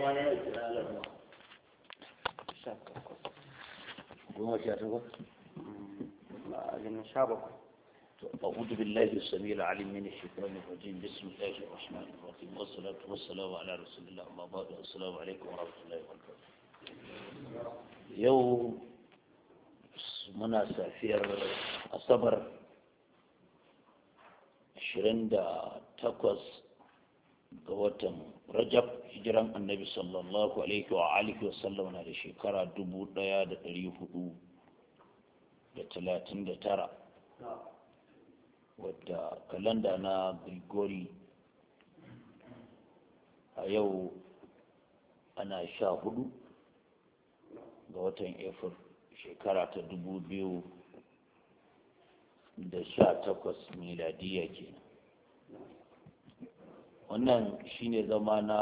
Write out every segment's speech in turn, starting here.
أعوذ بالله السميع العليم من الشيطان الرجيم بسم الله الرحمن الرحيم والصلاة والسلام على رسول الله أما بعد السلام عليكم ورحمة الله وبركاته يوم مناسا في الصبر 28 ga watan rajab hijiran annabi sallallahu alaihi wa alihi wa sallam na da shekara dubu daya da dari hudu da talatin da tara wadda kalanda na grigori a yau ana sha hudu ga watan efir shekara ta dubu biyu da sha takwas miladiya kenan wannan shine zama na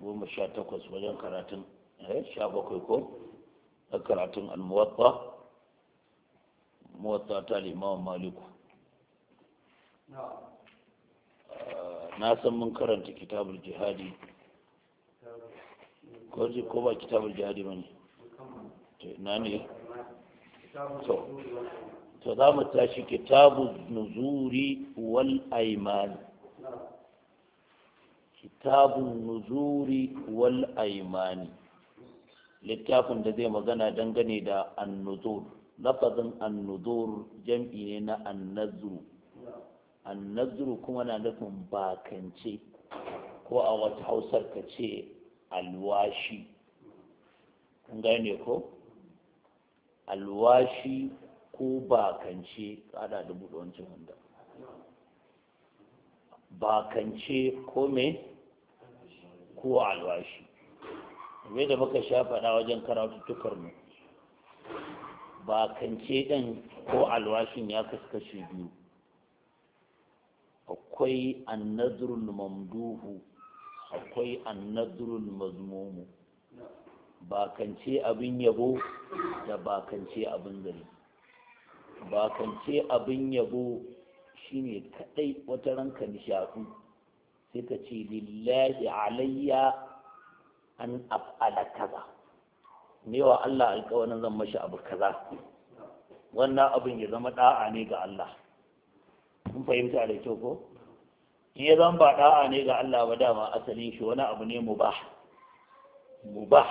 goma sha takwas wajen karatun eh, sha bakwai ko na karatun almuwatta muwatta ta limawan maliku na san mun karanta kitabul jihadi ko ba kitabul jihadi ba ne na ne to za mu tashi kitabul nuzuri wal aimani kitabun nuzuri wal aimani littafin da zai magana dangane da annuzur lafazin annuzur jam'i ne na annazuru annazuru kuma na nufin bakance ko a wata hausar ka ce alwashi kun gane ko alwashi ko bakance kada da buɗe wancan wanda bakance ko me ko alwashi game da muka sha faɗa wajen tukar mu ba kance ɗin ko alwashin ya kaskashe biyu akwai annadrul mamduhu akwai annadrul mazmumu bakance abin yabo da kance abin zari kance abin yabo shine kadai wata ranka nishaɗu sai ka ce lillahi alayya an af'ala kaza ne wa Allah alƙawarin zan mashi abu kaza wannan abin ya zama da'a ne ga Allah kun fahimta da kyau ko in ya zama ba da'a ne ga Allah ba dama asalin shi wani abu ne mubah mubah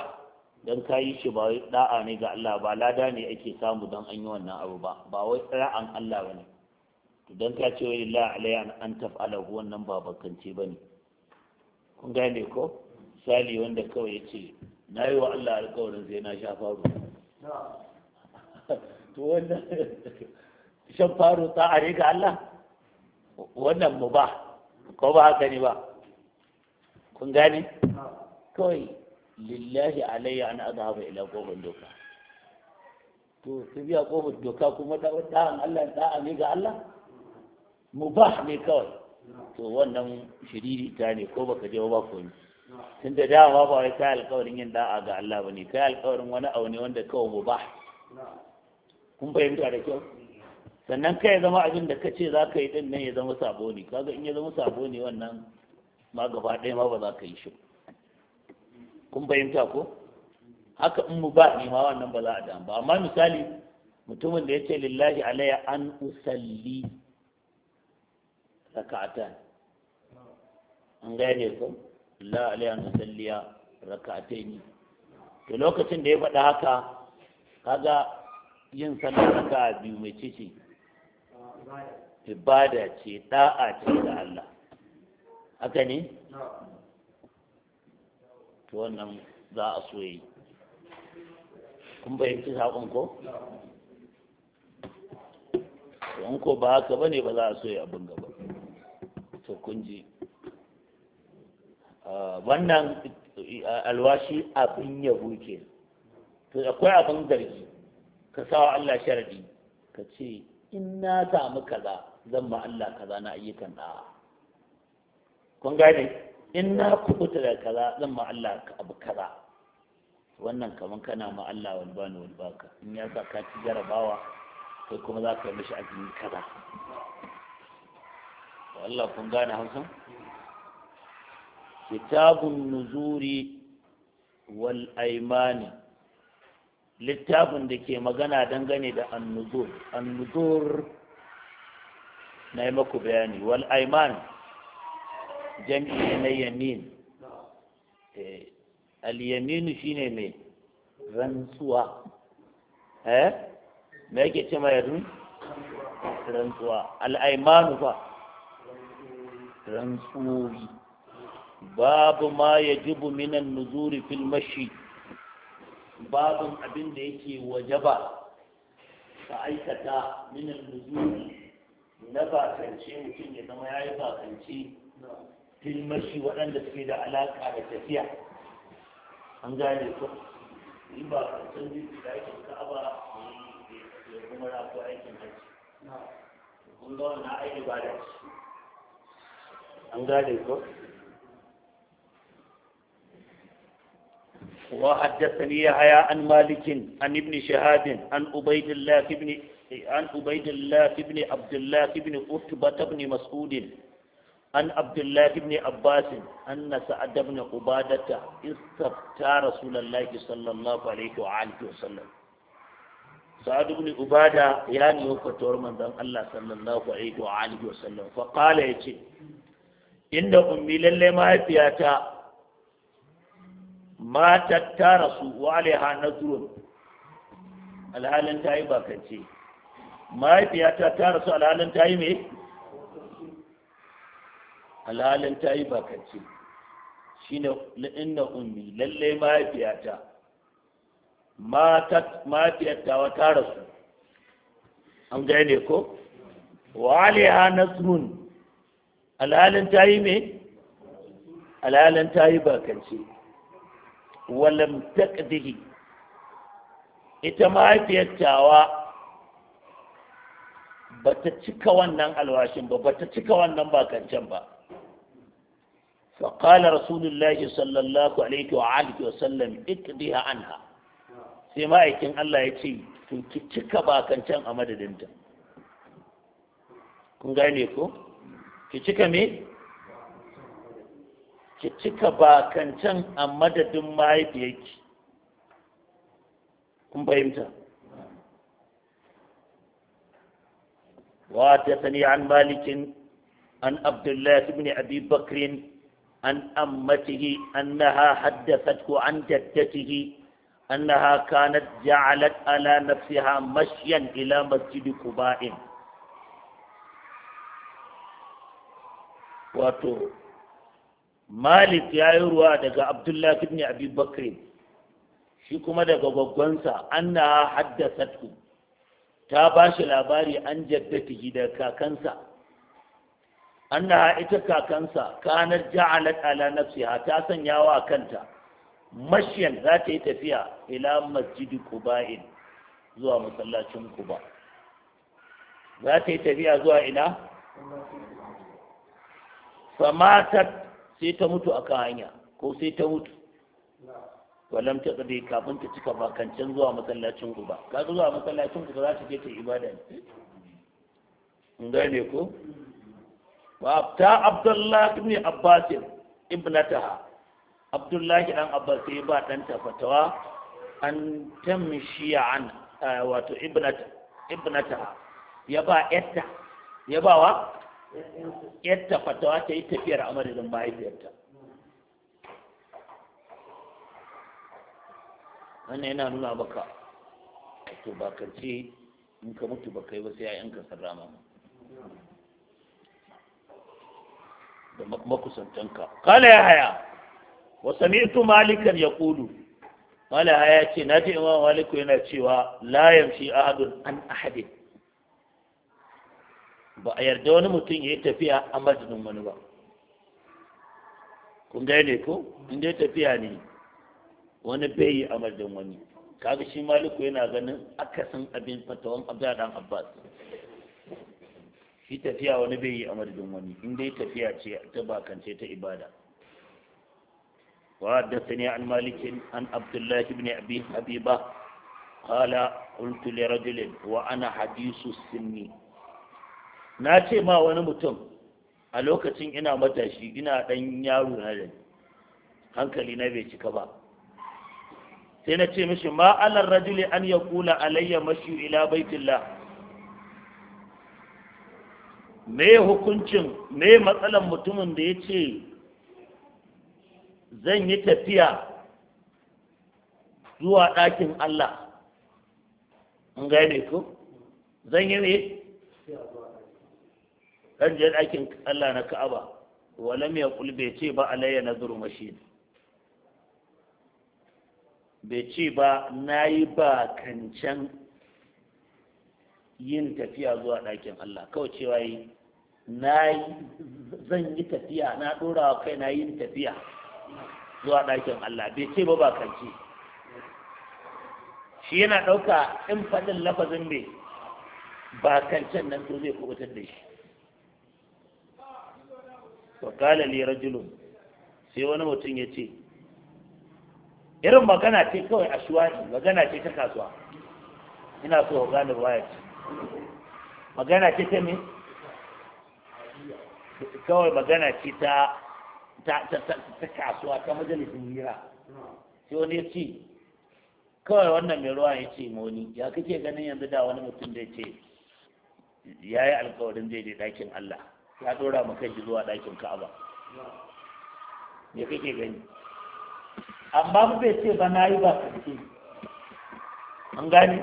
dan kayi shi ba da'a ne ga Allah ba lada ne ake samu dan an yi wannan abu ba ba wai an Allah bane idan ka ce wani la'alaya an taf'ala wannan ba bakance ba ne kun gane ko sali wanda kawai ya ce na yi wa allah alkawarin sai na sha faru to wannan shan faru ta a ga allah wannan mu ba ko ba haka ne ba kun gane kawai lillahi alayya an azhaba ila kofar doka to su biya kofar doka kuma da da'an allah da ne ga allah mubah ne kawai to wannan shiriri ta ne ko baka je ba komi tun da dama ba wai kai alƙawarin yin da'a ga Allah ba ne kai alƙawarin wani abu ne wanda kawai mubah kun fahimta da kyau sannan kai ya zama abin da kace za ka yi din nan ya zama sabo ne kaga in ya zama sabo ne wannan ma gaba ɗaya ma ba za ka yi shi kun fahimta ko haka in mu ba ne ma wannan ba za a damu ba amma misali mutumin da ya ce lillahi alayya an usalli raka'atan an gane ku la alayhi nusalliya ne. to lokacin da ya faɗi haka kaga yin sallar raka'a biyu mai cici ibada ce da'a ce ga Allah haka ne to wannan za a so yi kun bayyanci saƙon ko in ko ba haka ba ne ba za a so yi abin gaba to ah, wannan ah, alwashi abin yabo ke to akwai abin zargi ka sawa Allah sharadi ka ce in na samu kaza zan ma Allah kaza na ayyukan da kun gane in na kubuta da kaza zan ma Allah abu kaza wannan kaman kana ma Allah walbani walbaka in ya sa ka ci jarabawa kai kuma za ka yi mishi azumi kaza wallah kun gane hausan kitabun nuzuri wal aimani littafin da ke magana dangane da annuzur annuzur na yi maku bayani wal aiman jam'i na yamin eh, al-yaminu shine mai rantsuwa eh me yake ce mai rantsuwa al-aimanu fa rantsuwi babu ma ya jibu minan nuzuri fil mashi babun abin da yake wajaba ka aikata minan nuzuri na bakance mutum ya zama ya yi bakance fil mashi waɗanda suke da alaƙa da tafiya an gane ko in ba kancen jirgi da aikin ka'aba ya kuma rafi aikin hajji kun ga wannan aiki ba da shi an gane ko wa haddathani yahya an malik an ibn shahab an ubaydillah ibn an ubaydillah ibn abdullah ibn utbah ibn mas'ud an abdullah ibn abbas anna sa'ad ibn ubadah istafta rasulullah sallallahu alaihi wa alihi wasallam sa'ad ibn ubadah yani yoko tor manzon allah sallallahu alaihi wa alihi wasallam fa qala yace inda ummi lalle mahaifiyata matar ta rasu wa alaiha nazrun alhalin ta yi bakance mahaifiyata ta rasu alhalin ta yi me alhalin ta yi bakance shine inna ummi lalle mahaifiyata matat mahaifiyata wa ta rasu an gane ko wa alaiha nazrun alhalin ta yi me alhalin ta yi bakance walam taqdihi ita mahaifiyar tawa ba ta cika wannan alwashin ba ba ta cika wannan bakancen ba فقال رسول sallallahu alaihi wa sallam. وآله وسلم اقضيها عنها sai ma'aikin Allah ya ce to ki cika bakancan a madadinta kun gane ko Ciccika me? Ciccika ba kan can a madadin mahaifiyaki, kun fahimta. Wa sani an malikin, an Abdullahi su bane Habib Bakirin, an amma ta hihimu, an naho haddasan ku an daɗɗa ta hihi, an naho kan jeclan ala na fahimu mashin ila masjidin kuba'in wato malik ya yi ruwa daga abdullahi ibn abi shi kuma daga gwaggonsa anna haddasa ta ba shi labari an jaddatihi da kakansa annaha ita kakansa kanar ja'alat ala nafsiha ta sanya wa kanta mashiyan za ta yi tafiya ila masjidi quba'in zuwa masallacin kuba za ta yi tafiya zuwa ina famatat sai ta mutu kan hanya ko sai ta mutu walam ta tsade kafin ta cika bakancin zuwa masallacin ku ba ka zuwa masallacin ku za ta je ta ibada ne in gane ko wa ta abdullahi ibn abbas ibnataha abdullahi dan abbas sai ba dan ta fatawa an tamshi an eh, wato ibnata ibnata ya ba yatta ya ba wa yadda fatawa ta yi tafiyar a madadin mahaifiyarta wannan yana nuna baka to ba karce in ka mutu ba kai ba sai ya'yanka sun rama da makusantanka kala ya haya wasu sami'tu malikan ya yaqulu mala haya ce na ji imam maliku yana cewa layan shi ahadun an ahadin ba a yarda wani mutum ya yi tafiya a majinin wani ba kun ne ko in dai tafiya ne wani bai yi a majinin wani kaga shi maliku yana ganin akasin abin fatawan abdadan abbas shi tafiya wani bai yi a majinin wani in dai tafiya ce ta bakance ta ibada وحدثني عن مالك عن عبد الله بن ابي حبيبه قال قلت لرجل وانا حديث السن na ce ma wani mutum a lokacin ina matashi ina ɗan yaro na da hankali na bai cika ba sai na ce mishi ma alar rajuli an ya kula alayya mashi ila baitillah me hukuncin me matsalan mutumin da ya ce zan yi tafiya zuwa ɗakin Allah an gane ku. zan yi ne dan je ɗakin Allah na Ka'aba walam yaqul bai ce ba alayya nazuru mashid bai ce ba nayi ba kancan yin tafiya zuwa ɗakin Allah kawai cewa yi nayi zan yi tafiya na dora wa kai na yin tafiya zuwa ɗakin Allah bai ce ba ba shi yana ɗauka in faɗin lafazin ne ba kancan nan to zai kubutar da shi wa qala li rajulun sai wani mutum ya ce irin magana ce kawai a shuwani magana ce ta kasuwa ina so ka gane ruwaya magana ce ta me kawai magana ce ta ta kasuwa ta majalisin hira sai wani ya ce kawai wannan mai ruwa ya ce moni ya kake ganin yanzu da wani mutum da ya ce ya yi alkawarin zai je dakin Allah ya dora maka ji zuwa ɗakin ka'aba me kake gani amma ba bai ce ba na yi ba ce. an gani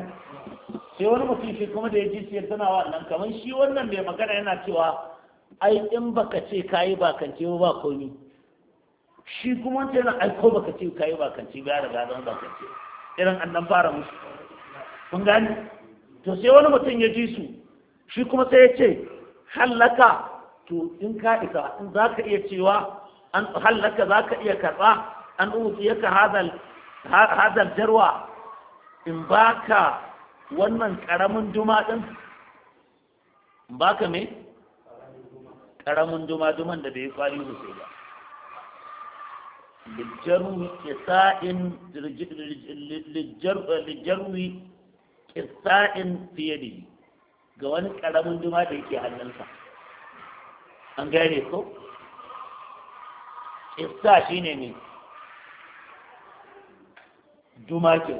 sai wani mutum shi kuma da ya ji siyar tana wannan kamar shi wannan mai magana yana cewa ai in baka ce ka yi ba ce ba komi shi kuma ta yana aiko baka ce ka yi ba ce ba ya riga zama ba ce. irin annan fara musu kun gani to sai wani mutum ya ji su shi kuma sai ya ce hallaka to in ka isa in za ka iya cewa an hallaka za ka iya karɓa an ya ka hadal jarwa in ba ka wannan ƙaramin duma ɗin in ka me ƙaramin duma duman da bai yi kwari sosai ba للجرو كساء للجرو كساء في يده ga wani ƙaramin duma da yake hannunsa an gane ko ifta shine ne duma ke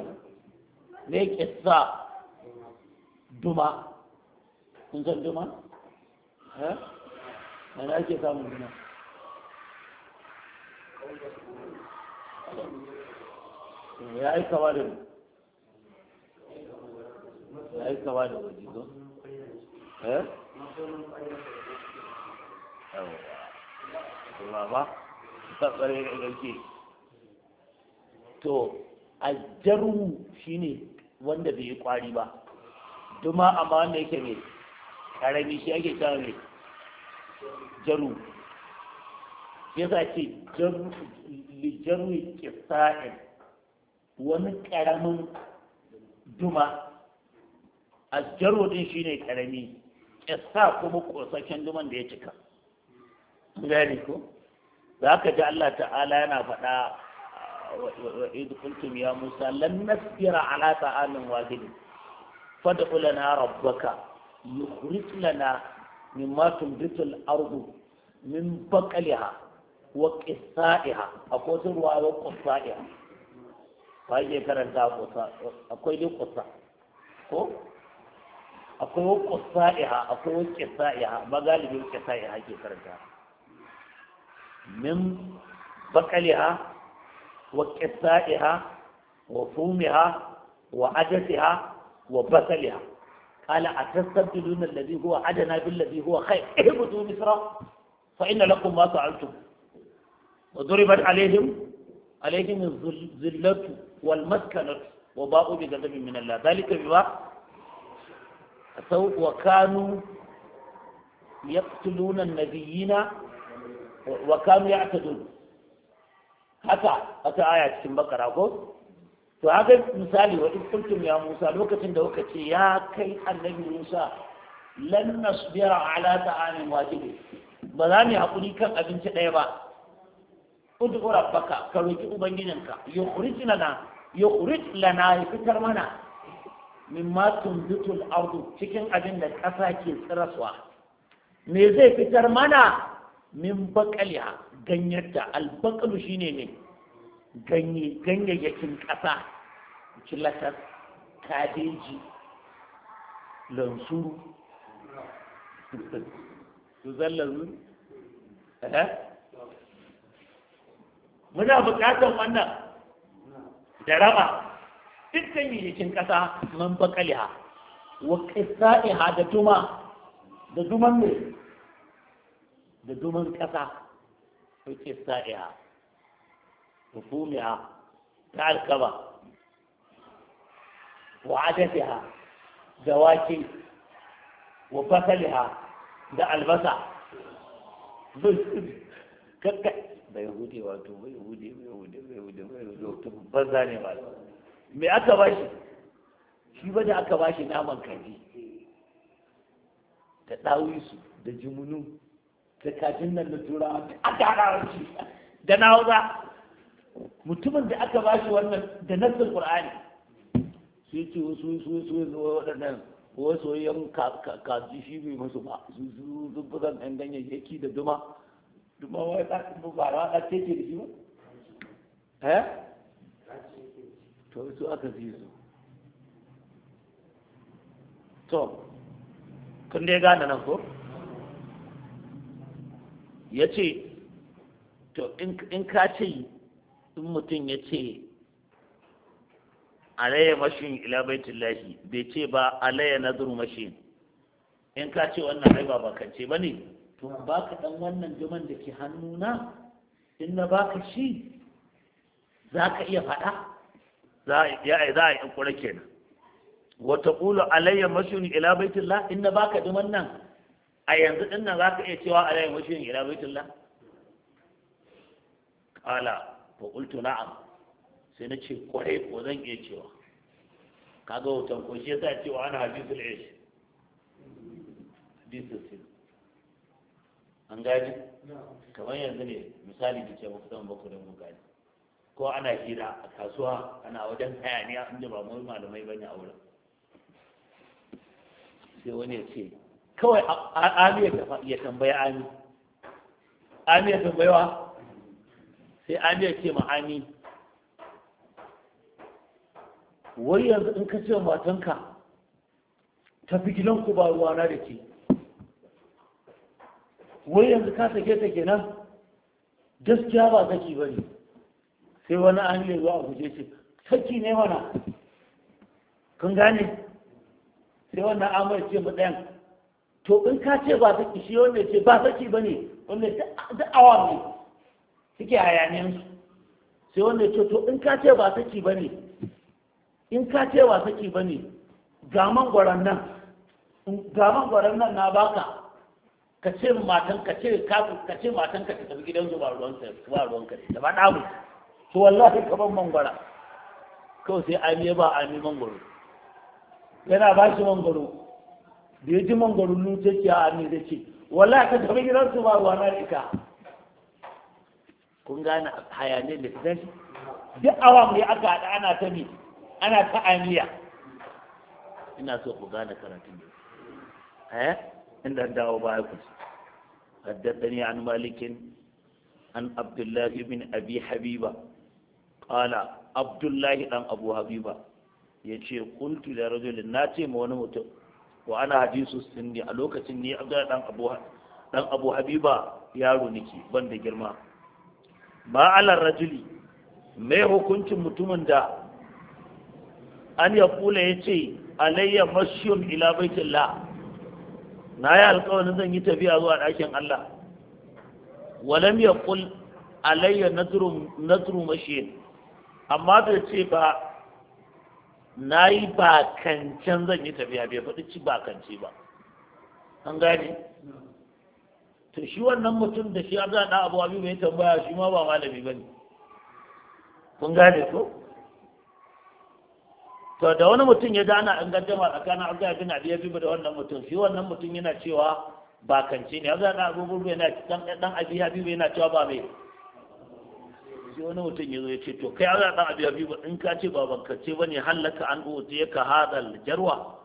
ne kissa duma kun san duma eh ana ake samun duma ya yi kawa da ya yi kawa da ko eh to a jaru shi ne to wanda bai yi kwari ba duma amma wanda yake mai karami shi ake cewa mai jaru ya za ce ke sa'in wani karamin duma a jaru din shi ne karami sa kuma kosakken duman da ya cika gani ko za ka ji Allah ta'ala yana faɗa wa idu kuntum ya musa lan nasbira ala ta'amin wahidin fad'u lana rabbaka yukhrij lana mimma tumbitu al-ardu min baqliha wa qithaiha akwai ruwa wa qithaiha ba yake karanta qissa akwai dai qissa ko akwai wa qithaiha akwai wa qithaiha ba qithaiha ke karanta من بقلها وكسائها وفومها وعدسها وبسلها قال أتستبدلون الذي هو عدنا بالذي هو خير اهبطوا مصر فإن لكم ما فعلتم وضربت عليهم عليهم الذلة والمسكنة وباءوا بغضب من الله ذلك بما وكانوا يقتلون النبيين wa kam ya ta dudu haka wata aya cikin bakara ko to haka misali wa in kuntum ya musa lokacin da kuka ce ya kai annabi musa lan nasbira ala ta'amin wajibi ba za mu hakuri kan abinci ɗaya ba ud'u rabbaka ka roki ubangijinka yukhrij lana yukhrij lana fitar mana mimma tumbitul ardu cikin abin da ƙasa ke tsiraswa me zai fitar mana min bakaliya da albakalu shi ne ganye ganyayyakin ƙasa cilatar kadeji lansuru zallar lansuru eh? muna buƙatar wannan da raba duk ganyayyakin ƙasa min bakaliya wa ƙisa'iha da duma da duman mai da duman ƙasa suke sa'iya hukumiya ta alkaba wa adadiha da wake wa basaliha da albasa kakka bai hude wato bai hude bai hude bai hude bai hude wato babban ne ba me aka ba shi shi ba da aka ba shi naman kaji da dawisu da jimunu da nan da turawa aka haɗa shi da na hausa mutumin da aka ba shi wannan da nassar qur'ani sai ce wasu su su waɗannan wasu yan kaji shi bai masu ba su su su zan ɗan yaki da duma duma wai ta ba ra ta ce da shi ba eh to su aka fi su to kun dai gane nan ko ya ce to in ka ce in mutum ya ce alayya mashin ila baitullahi bai ce ba alaya nazuru mashin in ka ce wannan ai ba ce ba ne to ba ka dan wannan juman da ke hannuna in na baka shi za ka iya faɗa za a yi ƙura kenan wata ƙulu alayya mashin ila baitullah in na baka duman nan a yanzu din nan ka iya cewa ala yin washin ila baitullah kala fa qultu na'am sai na ce kwarai ko zan iya cewa kaga wutan ko shi yasa cewa ana hadisul ish hadisul sin an gaji kamar yanzu ne misali ki ce muku zan baku da mu gaji ko ana hira a kasuwa ana wajen hayaniya inda ba mu malamai bane a wurin sai wani ya ce kawai ami ya tambaya ami ami ya tambayawa sai amiya ya ce ma ami wai yanzu in ka ce matanka tafi ku ba ruwana da ke wai yanzu ka sake ta kenan gaskiya ba saki ba ne sai wani amiya zuwa a guje ce saki ne mana kun gane sai wannan amurci ce mu ɗayan to in ka ce ba saki shi wanda ce ba saki ba ne wanda duk awa ne suke hayaniyar su? sai wanda ce to in ka ce ba saki ba ne in ka ce ba saki ba ne ga mangwaron nan ga mangwaron nan na baka ka ce matan ka ce kafin ka ce matan ka tafi gidan zuba ruwan sa ba ruwan ka da ba da mu to wallahi ka ban mangwara kawai sai ami ba ami mangwaro yana ba shi mangwaro da ya ji mangwaro nuce ki a ne da ce wallahi ka tabi gidan su ba wa malika kun gane hayane da fitan shi duk awam ne aka hada ana ta bi ana ta aniya ina so ku gane karatun da eh inda dawo ba ku haddathani an malikin an abdullahi bin abi habiba ƙala abdullahi ɗan abu habiba ya ce qultu li rajulin na ce ma wani mutum wa ana hadisu sinni a lokacin ne abdullahi dan abu dan abu habiba yaro nake ban da girma ma ala rajuli mai hukuncin mutumin da an ya kula ya alayya mashyun ila baitillah na yi alkawarin zan yi tafiya zuwa ɗakin Allah walam ya kul alayya nazru mashyin amma bai ce ba na yi bakancan zan yi tafiya bai faɗi ci bakance ba an gane to shi wannan mutum da shi abza da abu abu mai tambaya shi ma ba malami ba ne kun gane ko to da wani mutum ya dana an ma tsakanin abu ya bin abi ya bibu da wannan mutum shi wannan mutum yana cewa bakance ne abza da abu yana dan abi ya bibu yana cewa ba mai sai wani mutum ya zo ya ce to kai a dan abu ba in ka ce ba bankace bane hallaka an uti ka hadal jarwa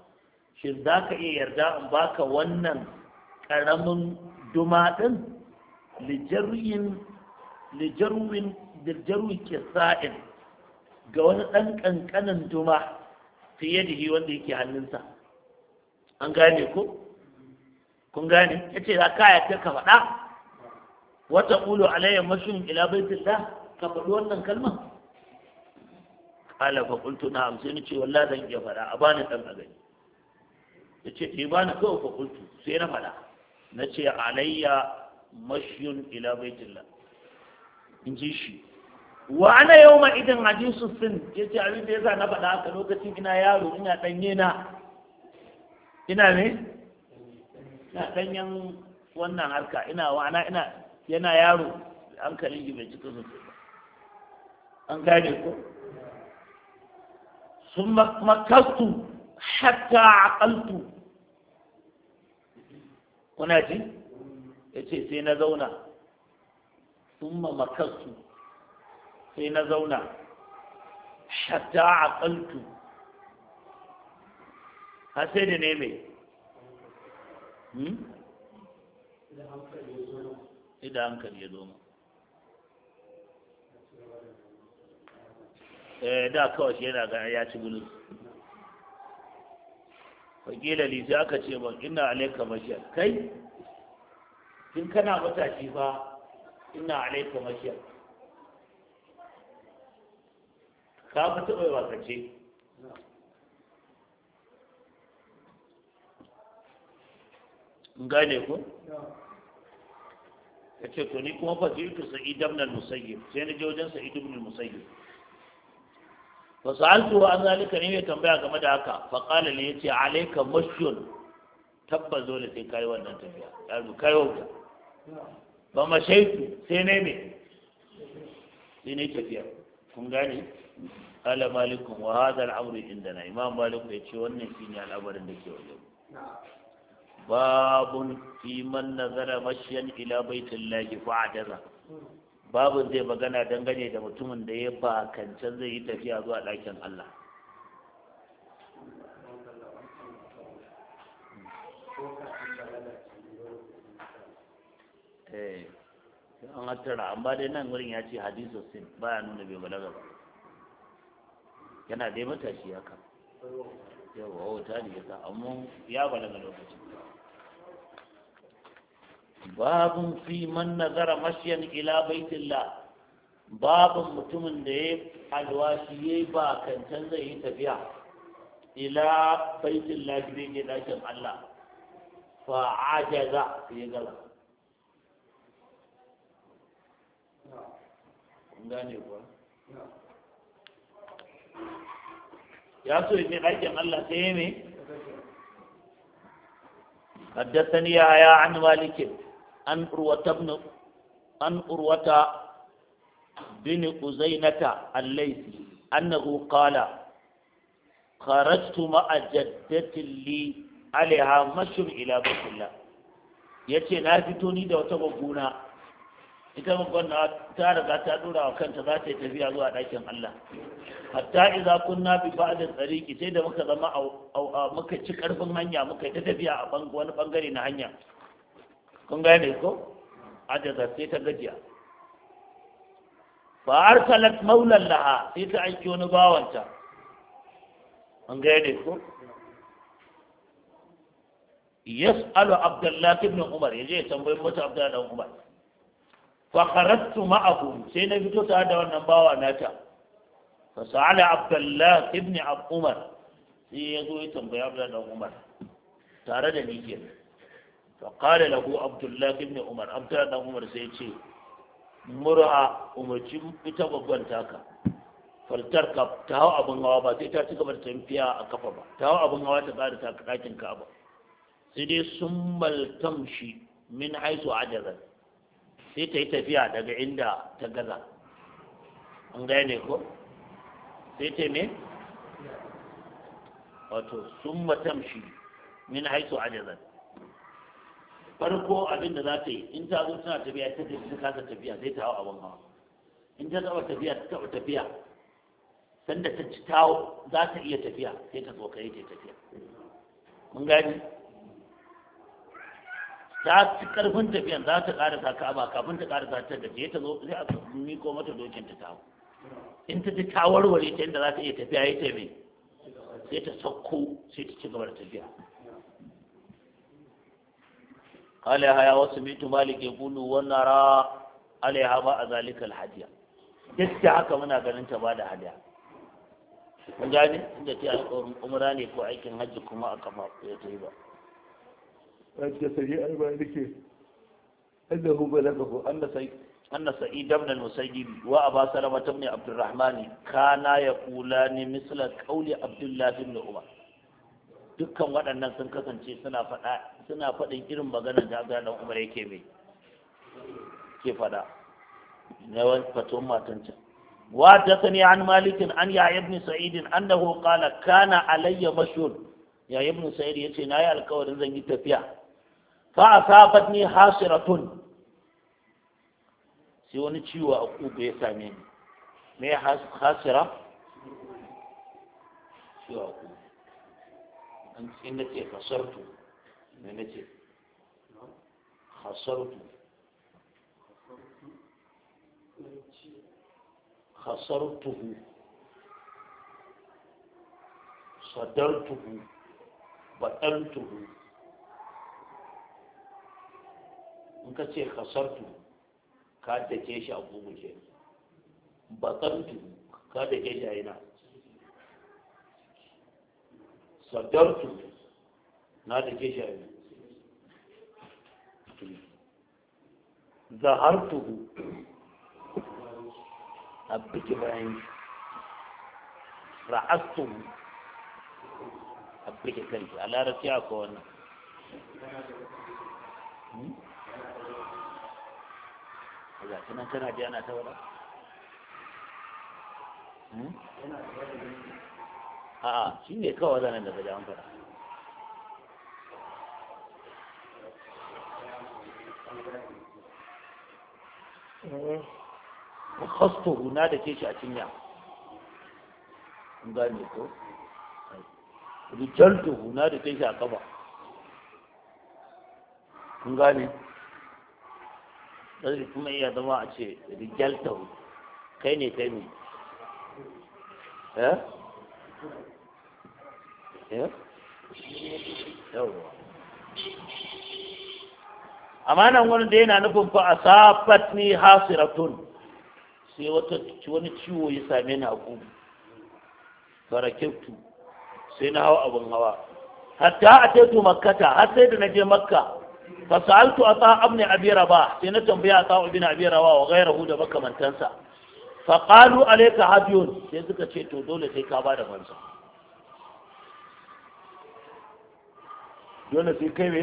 shin ka iya yarda in baka wannan karamin duma din lijarwin lijarwin kisa'in ga wani ɗan ƙanƙanin duma fiye da shi wanda yake hannunsa an gane ko kun gane Ya ce za ka yata ka faɗa wata ƙulu alayyar mashin ila da ka faɗi wannan kalmar qala faƙultu na, hamsin sai ce wallahi zan iya faɗa a bani ɗan a gani ce ɗi eh, bani kawai faƙultu sai na faɗa Na ce alayya mashiyun ila baitillah in ji shi wa ana yau ma idan su sin ya ce abin da ya sa na faɗa haka lokacin ina yaro ina ɗanye na ina ne ina ɗanyen wannan harka ina wa ana ina yana yaro hankalin ji bai cika sosai an gane ko sun makastu hatta aqaltu kuna ji ya ce sai na zauna sun makastu sai na zauna hatta aqaltu har sai da ne mai hmm? idan hankali ya zo mu eh da kawai shi yana ganin ya ci gudu. wakila li sai aka ce ban ina alaika mashiyar kai tun kana matashi fa ina alaika mashiyar ka fi taɓa yi wasance gane ku? ya ce to ni kuma fa zirtu sa'id ibn musayyar. sai na je wajen sa'id ibn al fa sa'altu an zalika ne mai tambaya game da haka fa ne li yace alayka mashun tabbas dole sai kai wannan tafiya yanzu kai wuta ba mashaitu sai ne me sai ne tafiya kun gane ala malikum wa hada al-amru indana imam malik ya ce wannan shine al'amarin da ke wajen babun fi man nazara mashyan ila baitillahi fa'adaza babu zai magana dangane da mutumin da ya kancan zai yi tafiya zuwa ɗakin Allah eh, an hattara amma dai nan wurin ya ce hadisu sin baya nuna bai balaga ba yana dai matashi yau yawa wauta ne ya sa amma ya balaga lokacin babun fi man nazara mashiyan ila baitillah babun mutumin da ya alwashi ya yi bakancan zai yi tafiya ila baitin lafi ne dakin Allah fa'ajaza ya gala gane kuwa ya yi dakin Allah sai ya ne حدثني يا عن مالك an urwata ibn an urwata bin uzainata al-laythi annahu qala kharajtu ma'a jaddati li alaiha ila yace na fito ni da wata gwaggona ita gwaggon ta riga ta dora wa kanta za ta yi tafiya zuwa ɗakin Allah hatta idza kunna bi ba'd tsariki sai da muka zama muka ci karfin hanya muka yi ta tafiya a wani bangare na hanya kun gane ko da sai ta gajiya fa arsalat maulan laha sai ta aiki wani bawanta an gane ko yas'alu abdullahi ibn umar yaje ya tambayi mata abdullahi ibn umar fa kharajtu ma'ahu sai na fito ta da wannan bawa nata fa sa'ala abdullahi ibn umar sai ya ya tambayi abdullahi ibn umar tare da ni kenan fa qala lahu abdullahi ibn umar abdullahi dan umar sai ce mur'a umarci ita babban taka faltar ka ta hau abin hawa ba sai ta ci gaba da a kafa ba ta hau abin hawa ta ƙara ta ɗakin ka'aba sai dai sun maltam shi min haisu ajazan sai ta yi tafiya daga inda ta an gaya ne sai ta wato sun min haisu ajazan farko abin da za ta yi in ta zo tana tafiya ta tafi ta kasa tafiya sai ta hau abin hawa in ta taba tafiya ta taba tafiya sanda ta ci tawo za ta iya tafiya sai ta kai ta tafiya mun gani ta ci karfin tafiyan za ta ta kaba kafin ta karasa ta gaje ta zo sai a miko mata dokin ta tawo in ta ci ta ta yadda za ta iya tafiya ya mai sai ta sauko sai ta ci gaba da tafiya alaiha ya wasu mitu malik kulu wannan ra alaiha ba a zalikal hadiya duk da haka muna ganin ta ba da hadiya kun gane inda ta alƙawarin umra ne ko aikin hajji kuma a kama ya ta yi ba rajja sai ai ba dake annahu balaghahu anna sai anna sa'id ibn al-musayyib wa aba salama ibn abdurrahman kana yaqulani misla qawli abdullah ibn umar dukkan waɗannan sun kasance suna faɗa suna faɗin irin magana da aka dan umar yake mai ke faɗa na fatuwar matan matanta. wa ta sani an malikin an ya yi ibnu sa'idin an da kana kana alayya mashur ya yi ibnu sa'id ya ce na yi alkawarin zan yi tafiya fa a sabon ni hasiratun sai wani ciwo a kuɓe ya same ni me hasira ciwo a kuɓe in na ce kasartu me na ce kasartu kasartuhu sadartuhu baɗantuhu in ka ce kasartu ka dake shi a guguje baɗantuhu ka dake shi a yana sadartu na da ke shari zahartu a biki bayan ra'astu a biki kanki a larabci a kowane ga tunan tana biya na ta wada? a'a shi ne kawai zanen da gaji an fara eh, kasto na da ke shi a cinya gane ko rijaltuhu na da ke shi a kafa kun gane ɗari kuma iya zama a ce rijaltahu kai ne kai ne eh Eh? amma nan wani da yana nufin fa safat ni hasiratun sai wata wani ciwo ya same ni a kugu barakirtu sai na hawa abin hawa hatta a taitu makkata har sai da na je makka fa sa'altu ata a abi ba sai na tambaya a ata a abi ba wa hu da makamantansa fa alaika alayka sai suka ce to dole sai ka ba da fansa dole sai kai ne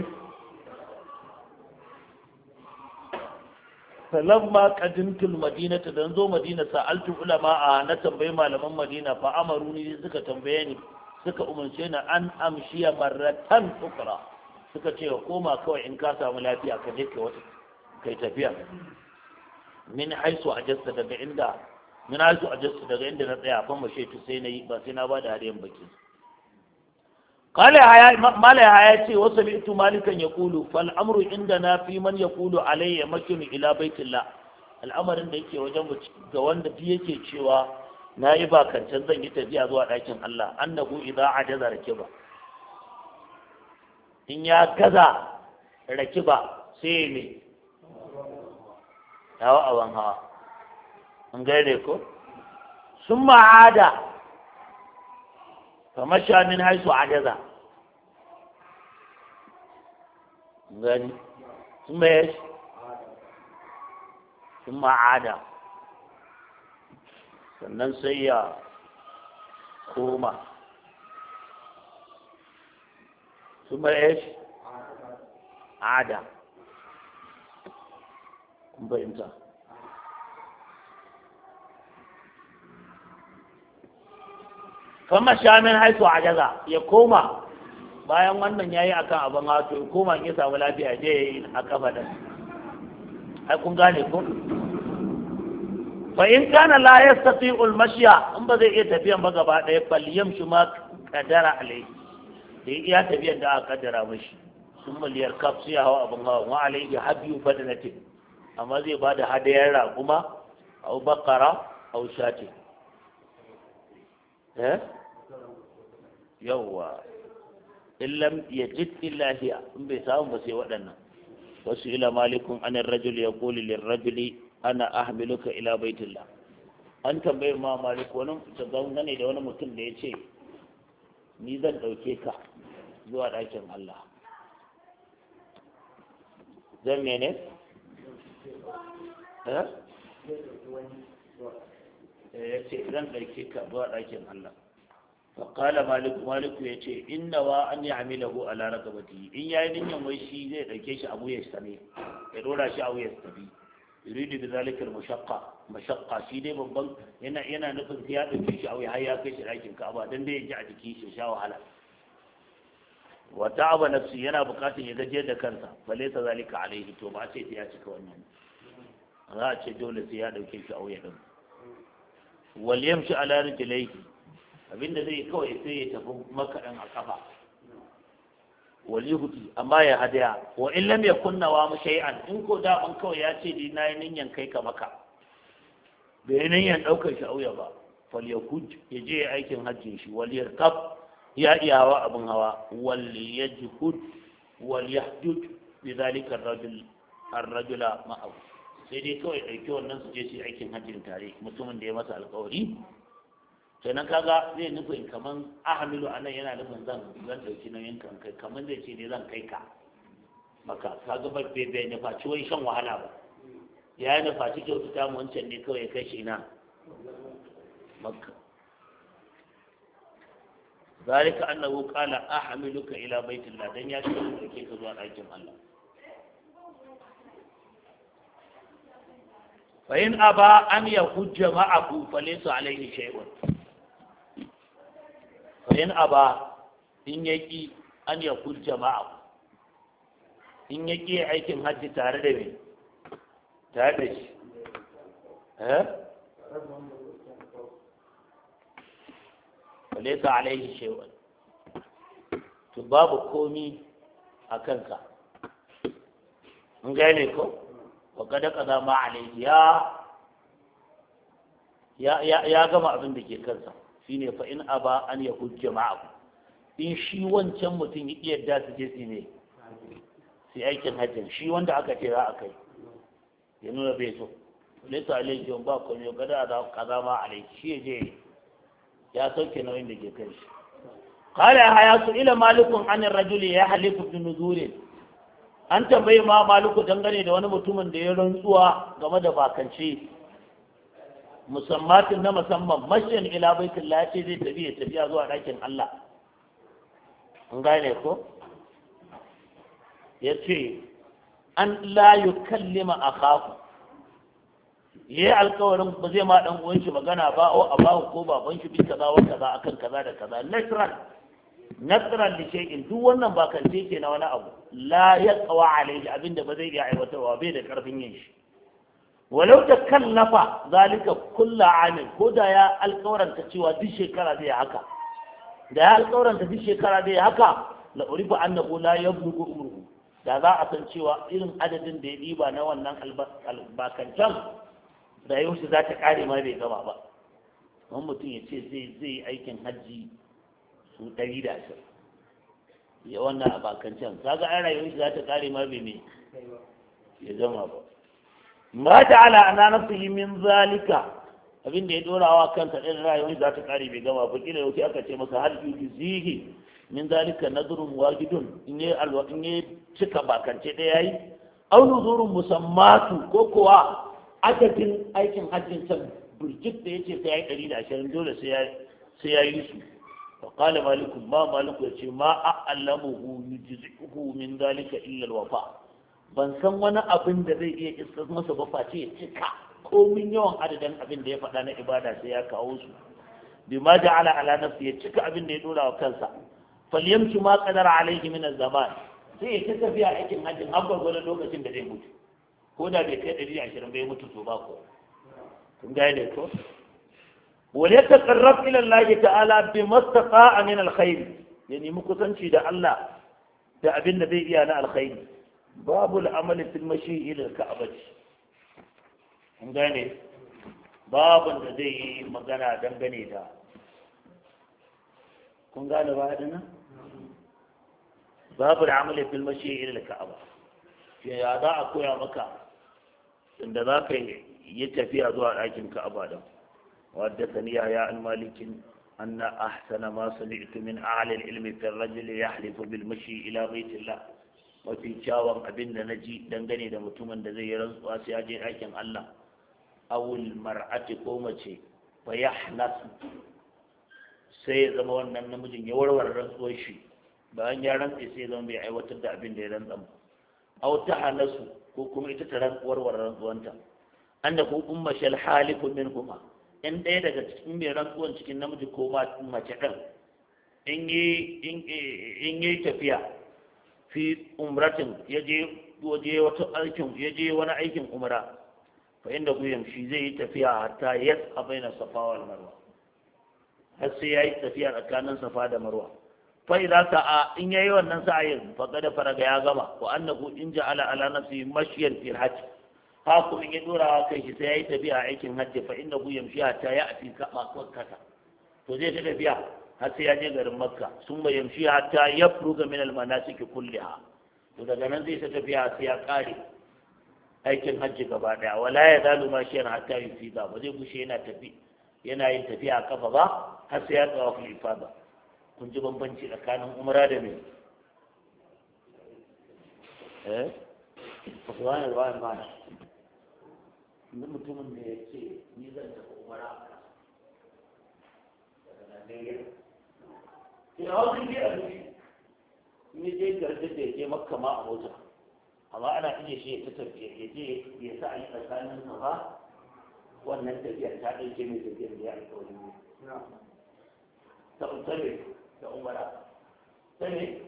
falamma qadimtul madinata dan zo madina sa'altu ulama a na tambayi malaman madina fa amaruni suka tambaye ni suka umarce ni an amshiya marratan ukra suka ce koma kawai in ka samu lafiya ka je wata kai tafiya min haisu ajasta daga inda min haisu ajasta daga inda na tsaya fa mashi sai nayi ba sai na bada hadiyan bakin قال يا ما لا حياتي وسمعت مالكا يقول فالامر عندنا في من يقول علي مكن الى بيت الله al'amarin da yake wajen ga wanda duk yake cewa na yi bakancan zan yi tafiya zuwa ɗakin Allah annahu idza ajaza rakiba in ya kaza rakiba sai me hawa awan hawa an gane ko sun ada. فمشى من حيث عجزه غني ثم ايش ثم عاد sannan sai ya ثم ايش عاد kun fahimta fama shamin haisu a jaza ya koma bayan wannan ya yi a kan abin hatu ya koma ya samu lafiya je ya yi a kafa ɗin ai kun gane ku fa in kana la yastati ulmashiya in ba zai iya tafiyan ba gaba ɗaya fal yamshi ma kadara alai da iya tafiyan da aka kaddara mashi sun miliyar kaf sai hawa abin hawa wa alaihi habiyu ce, amma zai bada hadayar raguma au bakara au shatin Eh? yawwa illam yajid illa hiya in bai samu ba sai waɗannan wasu ila malikun ana rajul yaqulu lirrajuli ana ahmiluka ila baitillah an tambaye ma malik wani ne da wani mutum da ya ce ni zan ɗauke ka zuwa ɗakin Allah zan mene? ha? Eh? ya ce zan ɗauke ka zuwa ɗakin Allah faƙala maliku ya ce inna wa an yi amilahu ala raqabati in yayi niyyar wai shi zai ɗauke shi a wuyar sa ne ya dora shi a wuyar sa bi yuridu bi zalikal mashaqqa mashaqqa shi dai babban yana yana nufin ya ɗauke shi a wuyar har ya kai shi ɗakin ba dan dai ya ji a jiki shi sha wahala wa ta'aba nafsi yana buƙatar ya gajiyar da kansa balaysa zalika alaihi to ba ce ya cika wannan za a ce dole sai ya ɗauke shi a wuyar ɗin wal yamshi ala rijlaihi abinda zai kawai sai ya tafi makaɗan a kafa wal yuhdi amma ya hadaya wa in lam yakun nawa shay'an in ko da ban kawai ya ce dai nayi ninyan kai ka maka bai ninyan daukar shi auya ba fal yakuj ya je aikin hajjin shi wal yarkab ya iya hawa abin hawa wal yajhud wal yahdud bi dhalika ar-rajul ar-rajula sai dai kawai ɗauki wannan su je su aikin hajjin tare mutumin da ya masa Sai kenan kaga zai nufin kaman ahamilu a nan yana nufin zan zan ɗauki nauyin kan kai kaman zai ce ne zan kai ka maka ka ba bai bai nufa ci shan wahala ba ya yi nufa ci fita mu wancan ne kawai kai shi na maka ذلك أنه قال أحملك إلى بيت الله دنيا كنت أكيد zuwa ɗakin Allah fa in aba an ya hujja ma'ahu fa laysa alayhi shay'un fa in aba in an ya hujja ma'ahu in yaki aikin hajji tare da me tare da shi eh fa laysa alayhi shay'un to babu komi a kanka an gane ko wa kada kaza ma alaihi ya ya gama abin da ke kansa shine fa in aba an ya hujja ma'ahu in shi wancan mutum ya iya da su je su ne su aikin hajjin shi wanda aka ce za a kai ya nuna bai so laisa alaihi wa ba kuma ya kada kaza ma alaihi shi ya je ya sauke nauyin da ke kan shi قال يا حياة إلى مالك عن الرجل يحلف بنذور an tambayi ma maliku dangane da wani mutumin da ya rantsuwa game da bakance musammatin na musamman mashin ila baitin la ce zai tafi ya tafiya zuwa dakin Allah an gane ko ya ce an la yukallima akhahu ya yi alkawarin ba zai ma ɗan uwan magana ba a bahu ko baban bi kaza wa kaza akan kaza da kaza natural nasarar da shekin duk wannan ba kan ke na wani abu la ya tsawa alaihi abinda ba zai iya aiwatarwa bai da karfin yin shi walau da kallafa zalika kulla amin ko da ya alkawaranta cewa duk shekara zai yi haka da ya alkawaranta duk shekara zai yi haka la urifa annahu la yablugu umruhu da za a san cewa irin adadin da ya ɗiba na wannan albakancan rayuwarsa za ta kare ma bai gama ba wani mutum ya ce zai zai aikin hajji su ɗari da ashirin ya wannan a bakancan kaga an rayuwar shi za ta kare ma bai ne ya zama ba ma ta'ala ana yi min zalika abin da ya dora wa kanta ɗin rayuwar za ta kare bai gama ba kila yau aka ce masa har hal zihi min zalika nadrun wajidun in yi alwa in yi cika bakance da yayi aw nuzurun musammatu ko kuwa adadin aikin hajjin can burjik da ya ce ta yi ɗari da ashirin dole sai ya yi su فقال مالك ما مالك يتي ما أعلمه يجزئه من ذلك إلا الوفاء ban san wani abin da zai iya iskar masa ba face ya cika komin yawan adadin abin da ya faɗa na ibada sai ya kawo su bi ma ja'ala ala nafsi ya cika abin da ya dora wa kansa falyamshi ma qadara alayhi min az-zaman sai ya ta tafiya aikin hajjin har gwargwadon lokacin da zai mutu ko da bai kai 120 bai mutu to ba ko kun ga to wani ta ƙarraf ilallahi ta'ala bi mastafa a min alkhairi ya nemi kusanci da Allah da abin da zai iya na alkhairi babu al'amali fil mashi ilal ka'abaci an gane babun da zai yi magana dangane da kun gane ba da nan babu al'amali fil mashi ilal ka'aba ya za a koya maka inda za ka yi tafiya zuwa ɗakin ka'aba don وحدثني يا عن مالك أن أحسن ما سمعت من أعلى العلم في الرجل يحلف بالمشي إلى بيت الله وفي شاور أبن نجي دنغني دمتوما دزي رزق واسياجي عيشن الله أو المرأة قومتي فيحنث سيد موان نمجن يورور رزق ويشي بأن يرن سيد موان بيعي وتبدأ أبن ديران أم أو تحنث كوكم إتترن ورور رزق وانت أنه أمش الحالف منهما in ɗaya daga cikin mai rantsuwan cikin namiji ko mace ɗin in yi tafiya fi umratin ya je waje wata aikin ya je wani aikin umra fa inda guyam shi zai yi tafiya hatta yas a baina safa wal marwa har sai ya yi tafiya tsakanin safa da marwa fa idza sa'a in yayi wannan sa'ayin fa kada faraga ya gama wa annahu in ja'ala ala nafsi mashyan fil hajj haku in ya dora kai shi sai ya yi tafiya aikin hajji fa inda ku yamshi ta ya ati kasuwar kasa to zai ta tafiya har sai ya je garin makka sun ba yamshi ta ya furuga min kulle ha to daga nan zai ta tafiya sai ya kare aikin hajji gaba daya wala ya zalu ma shi yi fi ba zai gushe yana tafi yana yin tafiya a kafa ba har sai ya tsawa fil ba kun ji bambanci tsakanin umra da me eh subhanallah ma'ana ni mutumin da ya ce ni zan tafi umara a kasa daga Najeriya. Ina wasu je a duniya. Ni je garje da ya je makka ma a mota. Amma ana iya shi ya ta tafiya ya je ya sa a yi tsakanin sa ba wannan tafiyar ta ɗauke mai tafiyar da ya alƙawarin ne. Ta utare da umara. Ta ne?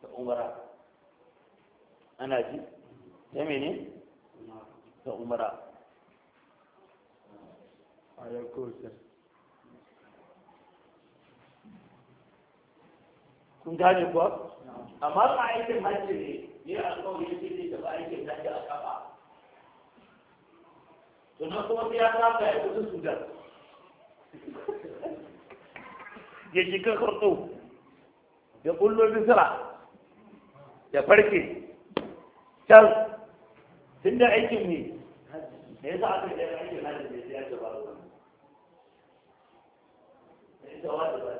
Ta umara. Ana ji? Ta mene? ne? ta umara a kun gane kuwa amma ba a aikin hajji ne ne a kawai yake ne da ba a aikin hajji a kafa to kuma sai ya saba ya kusa kudu sudan ya shiga kurtu ya kullo bisira ya farke can tun da aikin ne me yasa aka yi ɗaya ake hajji bai sai ake ba da wani da ita wa da ba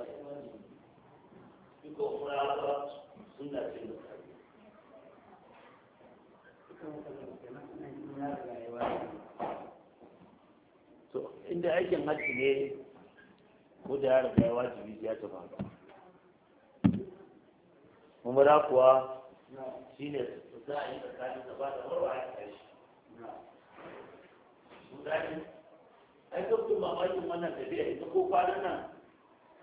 ce duka umura ba sun da ce da to inda aikin hajji ne ko da ya riga ya wajibi ya ta ba ba kuwa shine za a yi tsakanin da ba da warwa ya tashi tunani ai kafin mamakin wannan tafiya ita ko kwanan nan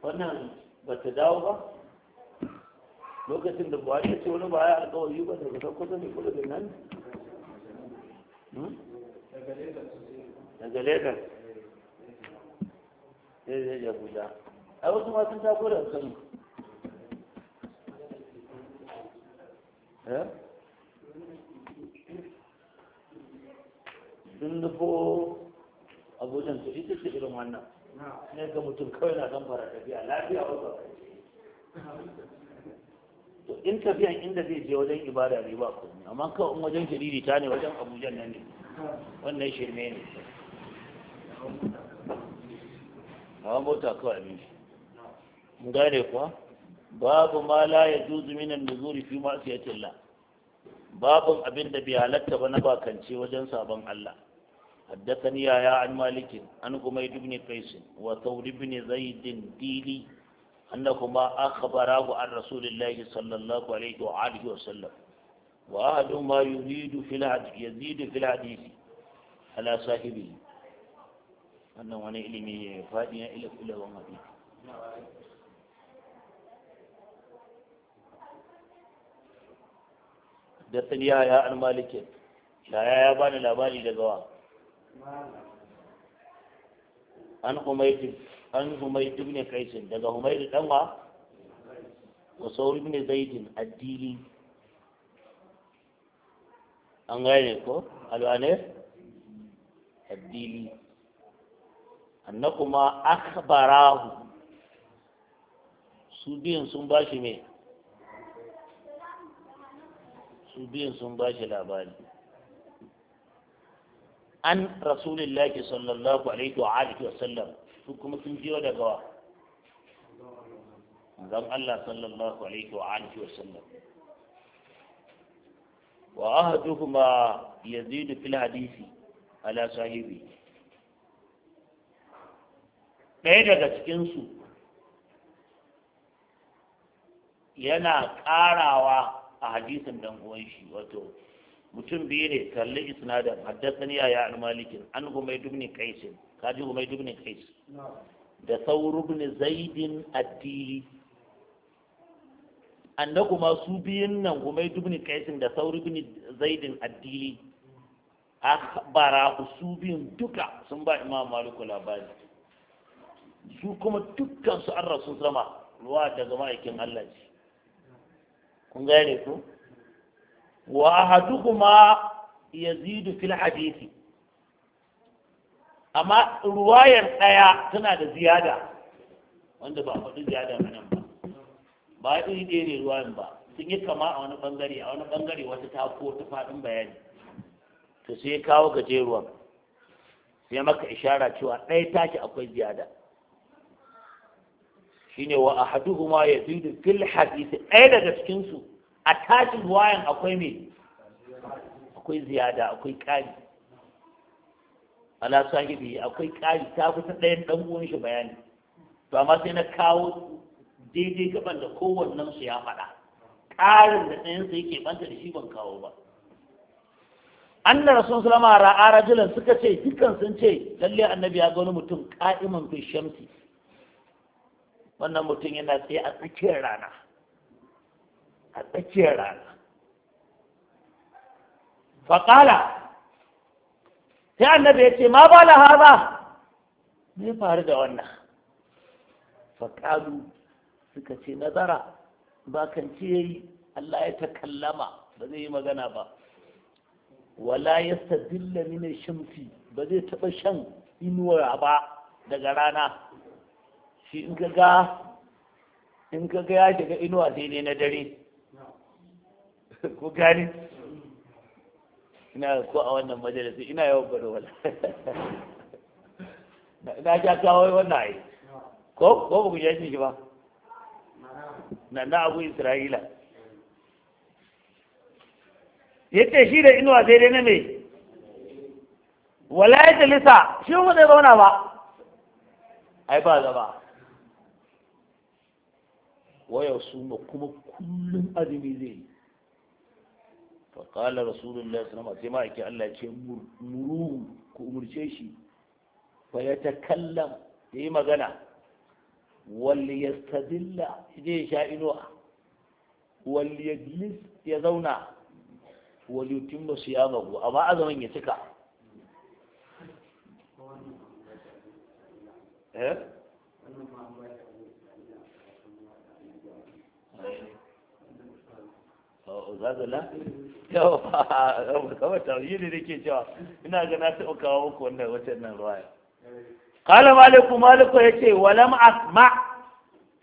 wannan ba ta dawo ba lokacin da buhari ya ce wani ba ya alkawari ba daga sakwato ne kula da nan hmm? daga lagos zai zai abuja ai wasu ma sun tako da sani sun nufo abujan to ita ce irin wannan ne ga mutum kawai na zan fara tafiya lafiya ba to in tafiyan inda zai je wajen ibada ne ba komai amma kawai wajen jariri ta ne wajen abujan nan ne wannan shirme ne hawa mota kawai abin shi mun gane kuwa babu ma la ya juzu minan nuzuri fi ma'siyatillah babun abin da bai halatta ba na bakance wajen sabon Allah حدثني يا عن مالك عن حميد بن قيس وثور بن زيد ديلي أنهما أخبراه عن رسول الله صلى الله عليه وآله وسلم وأحدهما يزيد في الحديث يزيد في الحديث على صاحبه أنه أنا إلمي فادنا إلى إلى ومدي حدثني يا عن مالك يا يا بني لا بني لغوا an humaytu an humaytu ibn qais daga humaytu danwa wa wa sauri ibn zaid ad-dili an gane ko alwane Addini. dili kuma akhbarahu su biyan sun bashi me su biyan sun bashi labari an rasulillahi sallallahu alaihi wa alihi wa sallam su kuma sun jiyo daga wa zan Allah sallallahu alaihi wa alihi wa sallam wa ahaduhuma yazidu fil hadisi ala sahibi ɗaya daga cikinsu yana ƙarawa a hadisin dan uwan shi wato mutum biyu ne kalli isnadan haddathani ya an malikin an humayd ibn qais kaji gumai dubni kaisi da saur ibn zaid at-tili kuma su biyun nan gumai dubni kaisin da saur ibn zaid at-tili akhbara su biyun duka sun ba imam malik labari su kuma dukkan su an rasu sama ruwa daga ma'aikin Allah ce kun gane ku wa ahaduhuma yazidu fil hadisi amma ruwayar ɗaya tana da ziyada wanda ba faɗi ziyada nan ba ba ɗaya ne ruwayan ba sun yi kama a wani ɓangare a wani ɓangare wata ta ko ta faɗin bayani to sai kawo gajeruwan sai maka ishara cewa ɗaya tashi akwai ziyada shine wa ahaduhuma yazidu fil hadisi ɗaya daga cikinsu a tashin wayan akwai me akwai ziyada akwai ƙari ala sahibi akwai ƙari ta kusa ɗayan ɗan uwan shi bayani to amma sai na kawo daidai gaban da kowannen su ya faɗa ƙarin da ɗayan su yake banta da shi ban kawo ba annar sun sulama ra'a rajulan suka ce dukkan sun ce lalle annabi ya ga wani mutum ka'iman fi shamsi wannan mutum yana tsaye a tsakiyar rana a tsakiyar rana faƙala sai annabi ya ce ma ba la haza me faru da wannan faƙalu suka ce nazara ba kan ce yayi Allah ya takallama ba zai yi magana ba wala ya sadilla min shamsi ba zai taɓa shan inuwa ba daga rana shi in ka ga in ga ya inuwa sai ne na dare ko gani ina ko a wannan majalisi ina yawan gado wala na ja kawo wannan ai ko ko ku ja shi ba na na abu isra'ila yace shi da inuwa sai dai na me wala ya jalisa shi mu zai zauna ba ai ba zaba wayo su kuma kullum azumi zai yi fa qala rasulullahi sallallahu alaihi wasallam sai ma'aikin Allah ya ce muruhu ku shi fa ya takallam yayi magana wal yastadilla je sha inuwa wal yajlis ya zauna wal yutimma siyamahu amma azaman ya cika eh? zazala yau ba kama tawhidi da ke cewa ina ga na taɓa kawo muku wannan waccan nan ruwaya qala maliku maliku ce walam asma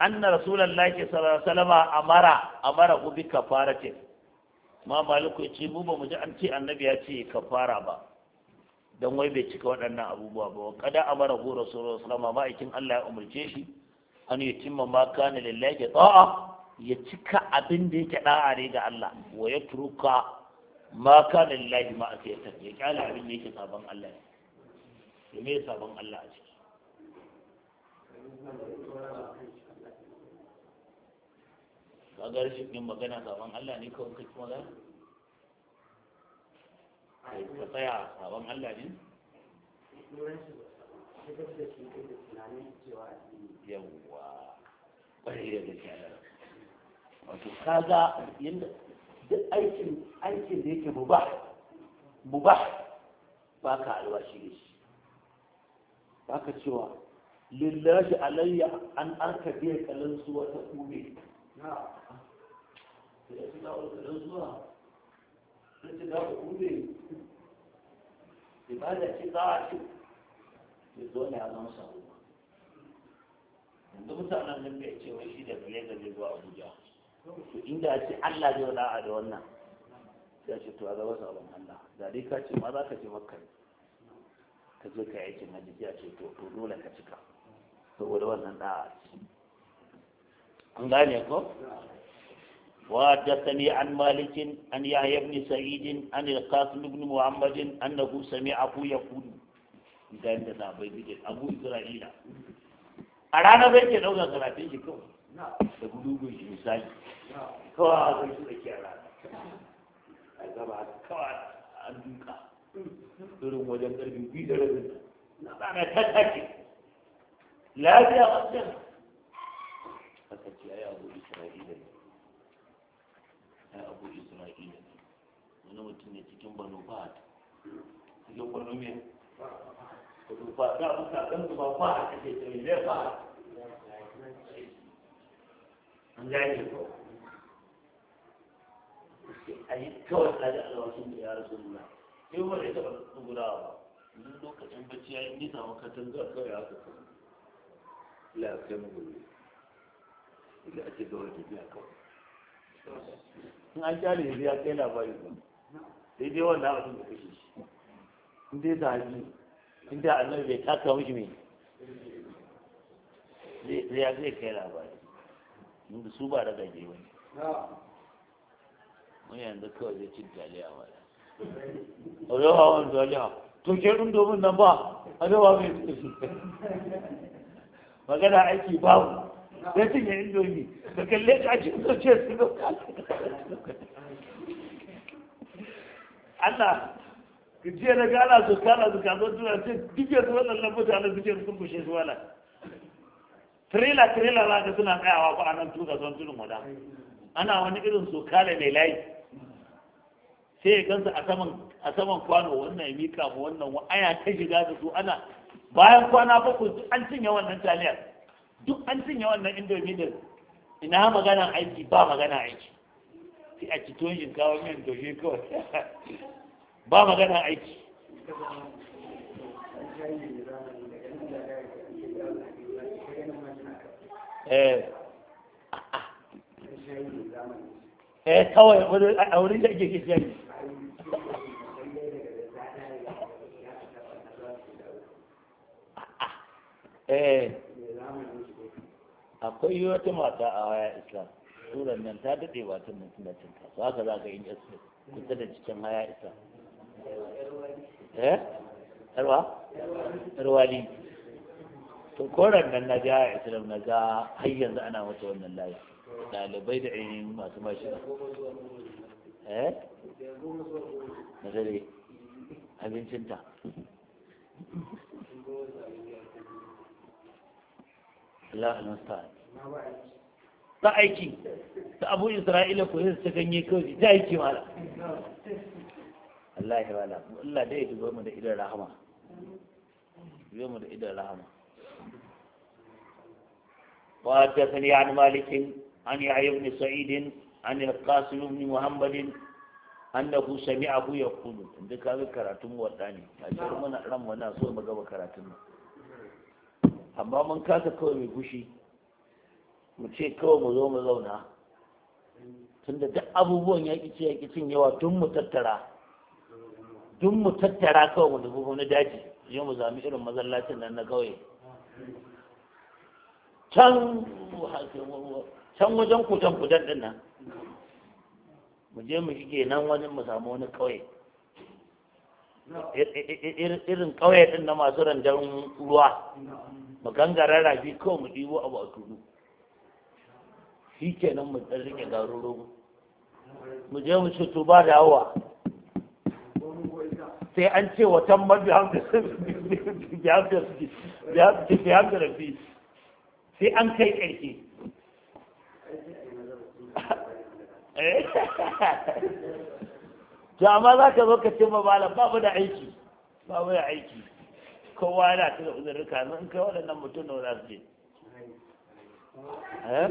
anna rasulullahi sallallahu alaihi wasallam amara amara ku bi ce. ma maliku ce mu ba mu ji an ce annabi ya ce kafara ba Don wai bai cika waɗannan abubuwa ba kada amara ku rasulullahi salama alaihi wasallam Allah ya umarce shi an yi cimma ma kana lillahi ta'a ya cika abin da yake da'a ga Allah wa ya turuka ma ka lillahi ma asiyatan ya kyale abin da yake sabon Allah ne mai sabon Allah a ciki ka ga rashin magana sabon Allah ne kawai ka tsaya sabon Allah ne yawwa ƙwarai da gaske wato kaga yadda duk aikin aikin da yake mubah mubah ba ka alwashi da shi ba ka cewa lillahi alayya an an ka biya kalan su ta kume na da ya fi dawo dawo ibada ce za a ce ya zo ne a zama sabo yanzu mutanen nan bai ce wai shi da bile da zai zuwa abuja to inda a ce Allah zai wada'a da wannan sai ce to a gaba sabon Allah da dai ka ce ma za ka je makka ka je ka aikin hajji ya ce to to dole ka cika saboda wannan da an gane ko وحدثني عن مالك عن يحيى بن سعيد عن القاسم بن محمد ku سمعه Idan da na bai bijin abu isra'ila a ranar bai ke ɗaukar karatun shi kawai da gudu gudu misali kawai a zai su tsakiyar a gaba kawai a duka wajen ƙarfin biyu da rabin na rana ta take lafiya wajen haka ce ai abu isra'ila ne ai abu isra'ila ne wani mutum ne cikin banu ta. cikin banu mai kudu fahad ta? abu kaɗan ba fahad ake tsaye zai fahad an gane ko a yi kawai na ji alwashin da ya rasu nuna sai umar ya taɓa tsugurawa ba duk lokacin bacci ya yi nisa makatan zuwa kawai haka kuma la kai mu gobe da ake dole tafiya kawai in an kyale ne ya kai labari ba sai dai wannan abin da kashe shi in dai zahabi in dai annabi bai taka mishi mai zai ya zai kai labari inda su ba da gaje wani mun yanzu kawai zai cin taliya ba da wani taliya to ke ɗin domin nan ba a zaba mai tsoki magana aiki babu sai cin ya kalle ka ce so ce su zo Allah ka ce gana su kana su kazo tuna ce duk yanzu waɗannan mutanen tó ce sun kushe su wala tirila tirila la ka suna tsayawa ba a nan tuka son mo da ana wani irin so kale mai layi sai ya gansa a saman a saman kwano wannan ya mika mu wannan wa aya ta shiga da su ana bayan kwana bakwai duk an cinye wannan taliyar duk an cinye wannan indomi ina magana aiki ba magana aiki sai a ci tuwon shinkawa miyan doshe kawai ba magana aiki eh, eh kawai a wurin da ake ke ne Eh. akwai wata mata a waya islam turan nan ta daɗe ba ta mutum da cin kasuwa haka za ka yi yasu kusa da cikin haya islam eh yarwa yarwali to koran nan na ji haya islam na ga har yanzu ana mata wannan layi ɗalibai da ainihin masu mashi eh na dare abincinta Allah al ta aiki ta abu isra'ila ko ta ganye kawai ta aiki Allah ya wala Allah dai ya mu da idan rahama dubo mu da idan rahama wa an malikin an ibn Ani an القاسم بن Sami, annahu sami'ahu yaqulu inda ka ga karatun wadda ne a cikin muna ran muna so mu gaba karatun nan amma mun kasa kawai mai gushi mu ce kawai mu zo mu zauna tunda duk abubuwan ya ƙi ya ƙi cin yawa tun mu tattara tun mu tattara kawai mu tafi na daji yau mu zami irin mazallacin nan na kawai can wajen kutan kudan din mu je mu shige nan wajen mu samu wani kawai irin kawai din na masu randan ruwa mu gangara rafi kawai mu ɗibo abu a tudu shi ke nan mu ɗan rike garuru mu je mu shuto ba da hawa sai an ce watan mabi hamdar sai an kai ƙarfi to amma za ka zo ka ce ma malam ba mu da aiki babu da aiki kowa yana ta da uzurruka in kai waɗannan mutum na za su je eh?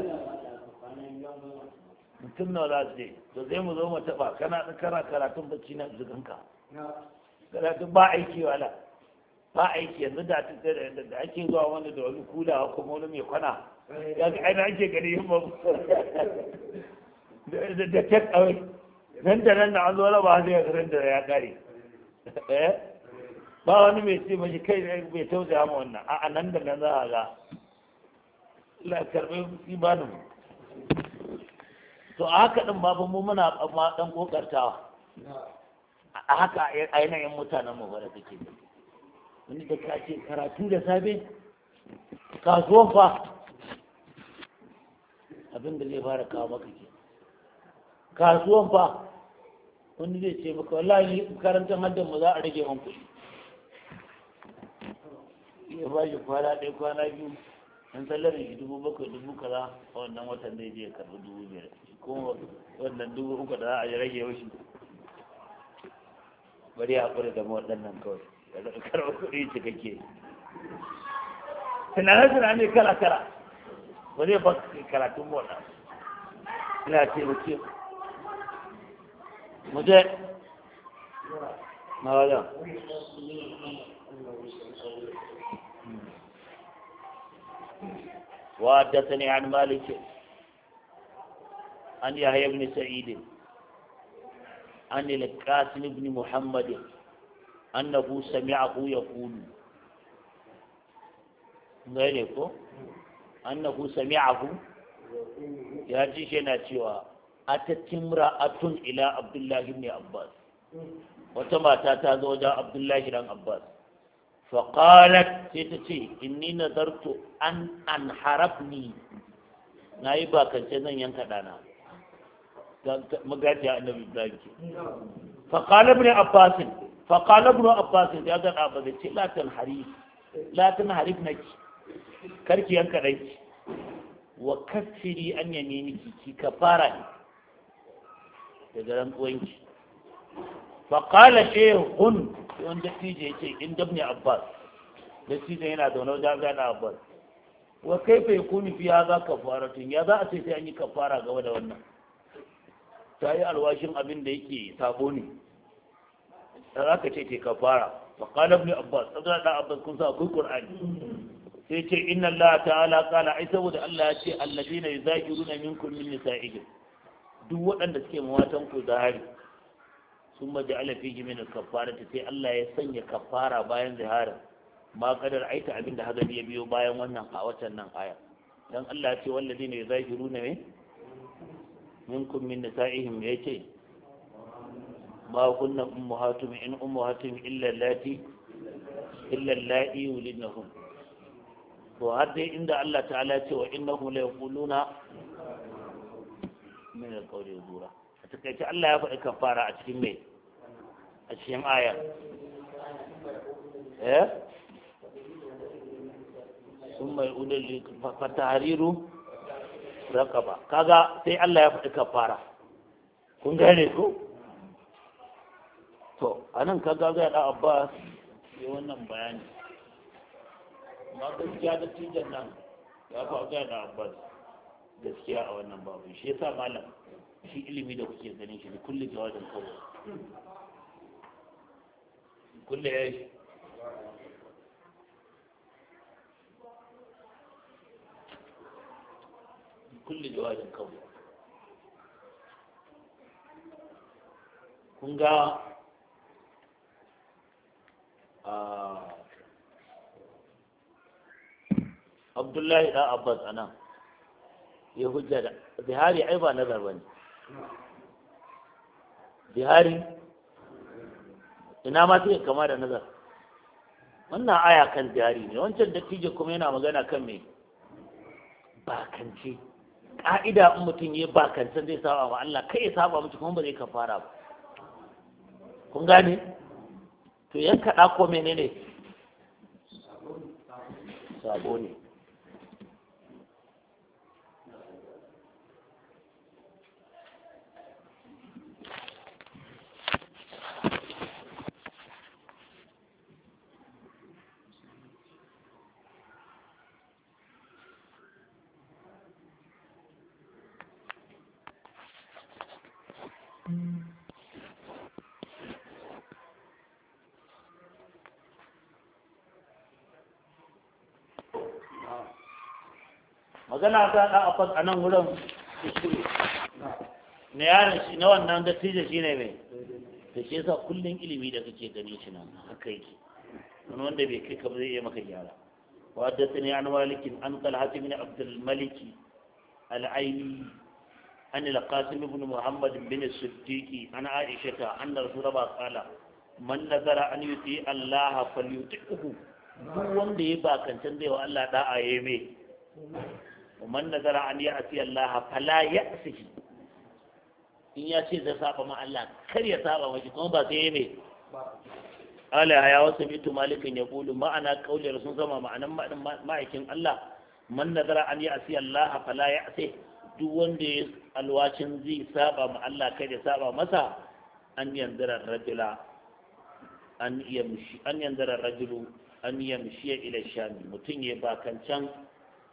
mutum na za su je to zai mu zo mu taɓa kana kana karatun bacci na zuganka karatun ba aiki wala ba aiki yanzu da da ake zuwa wani da wani kula kuma wani mai kwana ya ga ainihin ake gani yin da take away Nan da nan da an zo raba sai da ya kare eh? ba wani mai ce mashi kai bai tausaya ma wannan a nan da nan za a ga la karbe imanin to a haka din babu mu muna amma dan kokartawa a haka a yanayin mutanen mu bara suke wani da ka ce karatu da safe kasuwan fa abin da zai fara kawo maka ke kasuwan fa wani zai ce baka wallahi makarantar haddan mu za a rage man kuɗi ya ba shi kwana ɗaya kwana biyu an sallarin shi dubu bakwai dubu kaza a wannan watan zai je karɓi dubu biyar kuma wannan dubu uku da za a rage mashi bari a haƙura da waɗannan kawai karɓar kuɗi cikakke tunane ne kala-kala ba zai ba karatun mota ina ce ku مدع ماذا وحدثني عن مالك عن يحيى بن سعيد عن القاسم بن محمد أنه سمعه يقول غيركم أنه سمعه يا جيش atatimra atun ila abdullahi ibn abbas wata mata ta zo wajen abdullahi dan abbas faƙalat sai ta ce inni nazartu an an harabni na yi bakance zan yanka ɗana magajiya annabi ibrahim ce faƙalar ibn abbasin faƙalar ibn abbasin ya ga ɗaba da ce latin harif latin harif na ki karki yanka ɗanki wa kafiri an yaminiki ki kafara ne daga rantsuwanki faƙala shehun hun wani dattijo ya ce in dabni abbas dattijo yana da wani wajen gada abbas wa kai fa yakuni fi fara tun? ya za a ce sai an yi kafara gaba da wannan ta yi alwashin abin da yake sabo ne da za ka ce ke kafara faƙala ibn abbas tsazara da abbas kun sa akwai qur'ani sai ce inna allah ta'ala qala ai saboda allah ya ce allazina yuzakiruna runa min nisa'ihim duk waɗanda suke mawatan ku zahari sun maji alafi mini kafara ta sai Allah ya sanya kafara bayan zahara ma kadar aita abin da hazari ya biyo bayan wannan a watan nan aya dan Allah ce wallazi ne zahiru ne me minkum min nisa'ihim ya ce ma kunna ummahatum in ummahatum illa lati illa lati yulidnahum to har dai inda Allah ta'ala ce wa innahum la yaquluna min alqawli zura a takaice Allah ya faɗi kafara a cikin mai a cikin aya eh raqaba kaga sai Allah ya faɗi kafara kun gane ko to anan kaga ga da Abbas ya wannan bayani ma gaskiya da tijan nan ya faɗi da Abbas gaskiya a wannan babu shi yasa malam shi ilimi da kuke ganin shi da kulli jawabin kawai kulli ya shi kulli jawabin kawai kun ga abdullahi da abbas anan ya hujja bihari ai ba nazar ba ne, bihari ina ma sai kama da nazar wannan aya kan bihari ne wancan dattijo kuma yana magana kan me Bakanci ƙa'ida in mutum ya bakancan zai saba ma Allah kai ya saba mutum kuma ba zai kafara ba kun gane to yanka ko menene sabo ne magana ta da afas a nan wurin kuskure na yaron shi na wannan dattijo shi ne mai da shi yasa kullum ilimi da kake gani shi nan haka yake wani wanda bai kai ka zai iya maka gyara wa haddathani an malikin an talhat ibn abdul maliki al-aini an al-qasim ibn muhammad bin as-siddiqi an aisha an rasul rabba qala man nazara an yi yuti allah uku. duk wanda ya bakancan zai wa allah da'a yayi mai ومن نذر أن يعصي الله فلا يعصه in ya ce zai saba ma Allah kar ya saba mashi kuma ba sai me ala ya wasu bitu malikin ya kulu ma'ana kaulir sun zama ma'anan ma'aikin Allah man nazara an yi asiya Allah fala ya ase duk wanda ya alwacin zai saba ma Allah kar ya saba masa an yanzara rajula an an yanzara rajulu mutum ya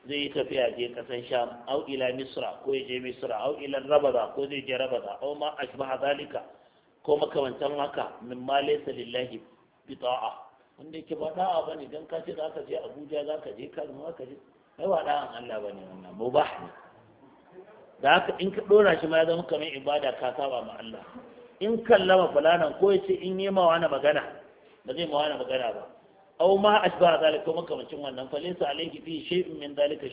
zai yi tafiya je kasan sham au ila misra ko ya je misra au ila rabada ko zai je rabada au ma ashbaha zalika ko makamantan haka min ma laysa lillahi ta'a wanda yake ba da'a bane dan ka ce zaka je Abuja zaka je ma zaka je ai ba da'an Allah bane wannan mubah ne da haka in ka dora shi ma ya zama kamar ibada ka saba ma Allah in kallama fulanan ko ya ce in yi ma wani magana ba zai ma wani magana ba aw ma ashba zalika makamancin wannan fa laysa alayhi fi shay'in min zalika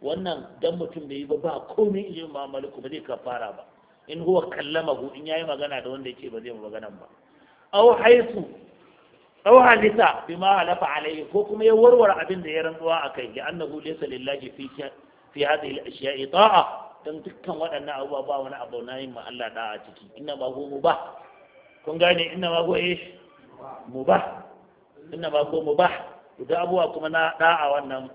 wannan dan mutum bai yi ba ba komai in yi maliku ba zai kafara ba in huwa kallamahu in yayi magana da wanda yake ba zai magana ba aw haisu, aw halisa bima halafa alayhi ko kuma ya warware abin da ya rantsuwa akai li annahu laysa lillahi fi fi hadhihi al-ashya'i ta'a dan dukkan waɗannan abubuwa ba wani abu na yin ma Allah da'a ciki inna ma huwa mubah kun gane inna ma huwa Mu ba. inna ma ko ba da abuwa kuma na da'a wannan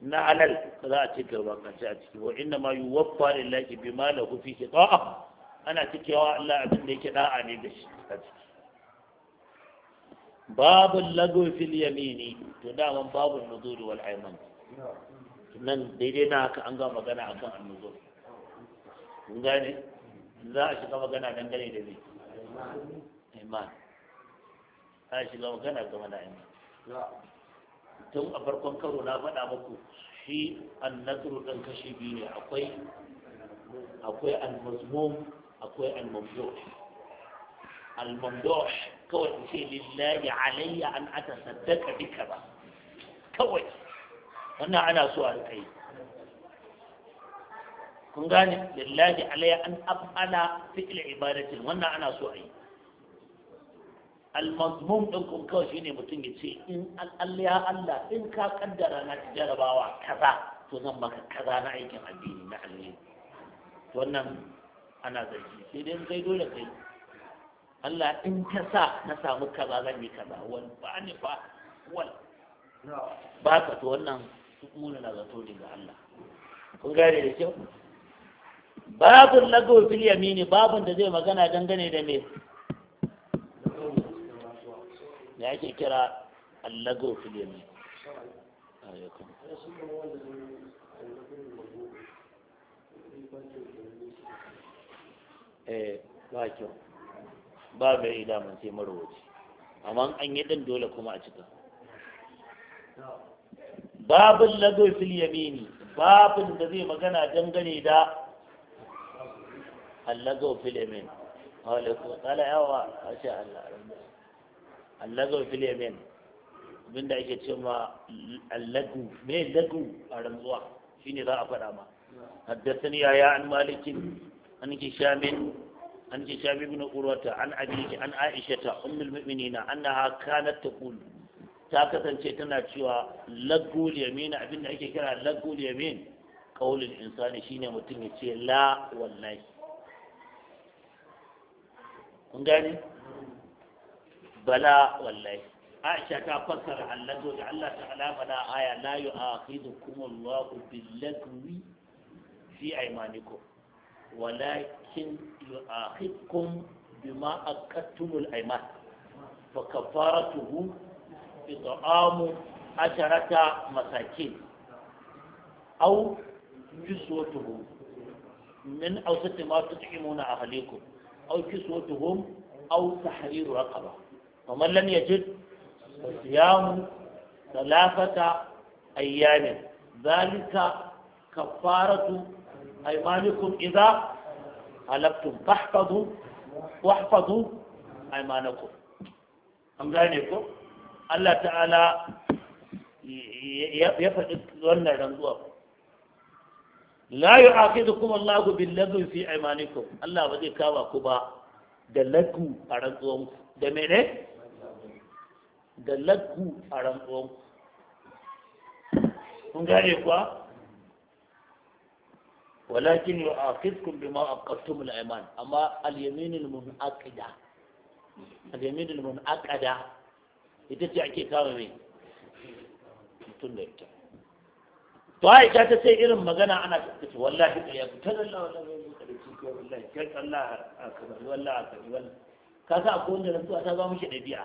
na alal ka za a ce garbakanci a ciki wa inna ma yuwaffa lillahi bima lahu fi qita'a ana cikewa Allah abin da yake da'a ne da shi a ciki babu lagu fil yamini to da daman babu nuzuri wal ayman nan daidai na haka an ga magana akan annuzur mun gane za a shiga magana dangane da me iman a shi lawan gana game da ainihi tun a farkon karo na faɗa muku shi an nazaru ɗan kashi biyu ne akwai akwai al-mazmum akwai al-mamduh al-mamduh kawai in ce lillahi alayya an atasaddaka bika ba kawai wannan ana so a kai kun gane lillahi alayya an af'ala fi'l ibadatin wannan ana so a yi almazmum ɗin kuma kawai shine mutum ya ce in ya Allah in ka kaddara na jarabawa kaza to zan maka kaza na aikin addini na alli. to wannan ana zargi sai dai kai dole kai Allah in ka sa na samu kaza zan yi kaza wal ba ni fa wal ba ka to wannan muna na zato ne ga Allah kun gane da kyau babun lagos yamini babun da zai magana dangane da me me ake kira allago filimi ah, eh ba kyau ba mai daman sai marowaci amma an yi ɗin dole kuma a cika babin lago filimi babin da zai magana dangane da allago filimi wa alaikun tsala yawa a ce allah allazo fil yamin abinda ake ce ma allagu me lagu a rantsuwa shine za a faɗa ma haddathani ya an malikin an kishamin an kishab ibn urwata an abiki an aishata ummul mu'minina annaha kanat taqul ta kasance tana cewa lagu yamin abinda ake kira lagu yamin qaulul insani shine mutum ya ce la wallahi kun gane bala wallahi aisha ta fassara hallazo da Allah ta'ala mana aya la yu'akhidukum Allahu bil-lagwi fi aymanikum walakin yu'akhidkum bima aqattumul ayman fa kafaratuhu it'amu asharata masakin aw kiswatuhum min awsati ma tut'imuna ahlikum aw kiswatuhum aw tahriru raqabah kamar lam yajid siyamu talafata ayyamin zalika kafaratu aymanikum idza halaftum fahfadhu wahfadhu aymanakum an gane ko Allah ta'ala ya faɗi wannan rantsuwa la yu'aqidukum Allahu bil lagwi fi aymanikum Allah ba zai kama ku ba da lagu a rantsuwan da da laggu a rantsuwan kun gane kuwa walakin yu akhidkum bima aqadtum al-ayman amma al-yamin al-munaqida al-yamin al-munaqada ita ce ake kama mai mutum da ita to aisha ta sai irin magana ana tattace wallahi ka yabu ta lalla wallahi ka da cikin wallahi kai Allah a kamar wallahi a kamar wallahi ka sa a akwai wanda rantsuwa ta zama shi dabi'a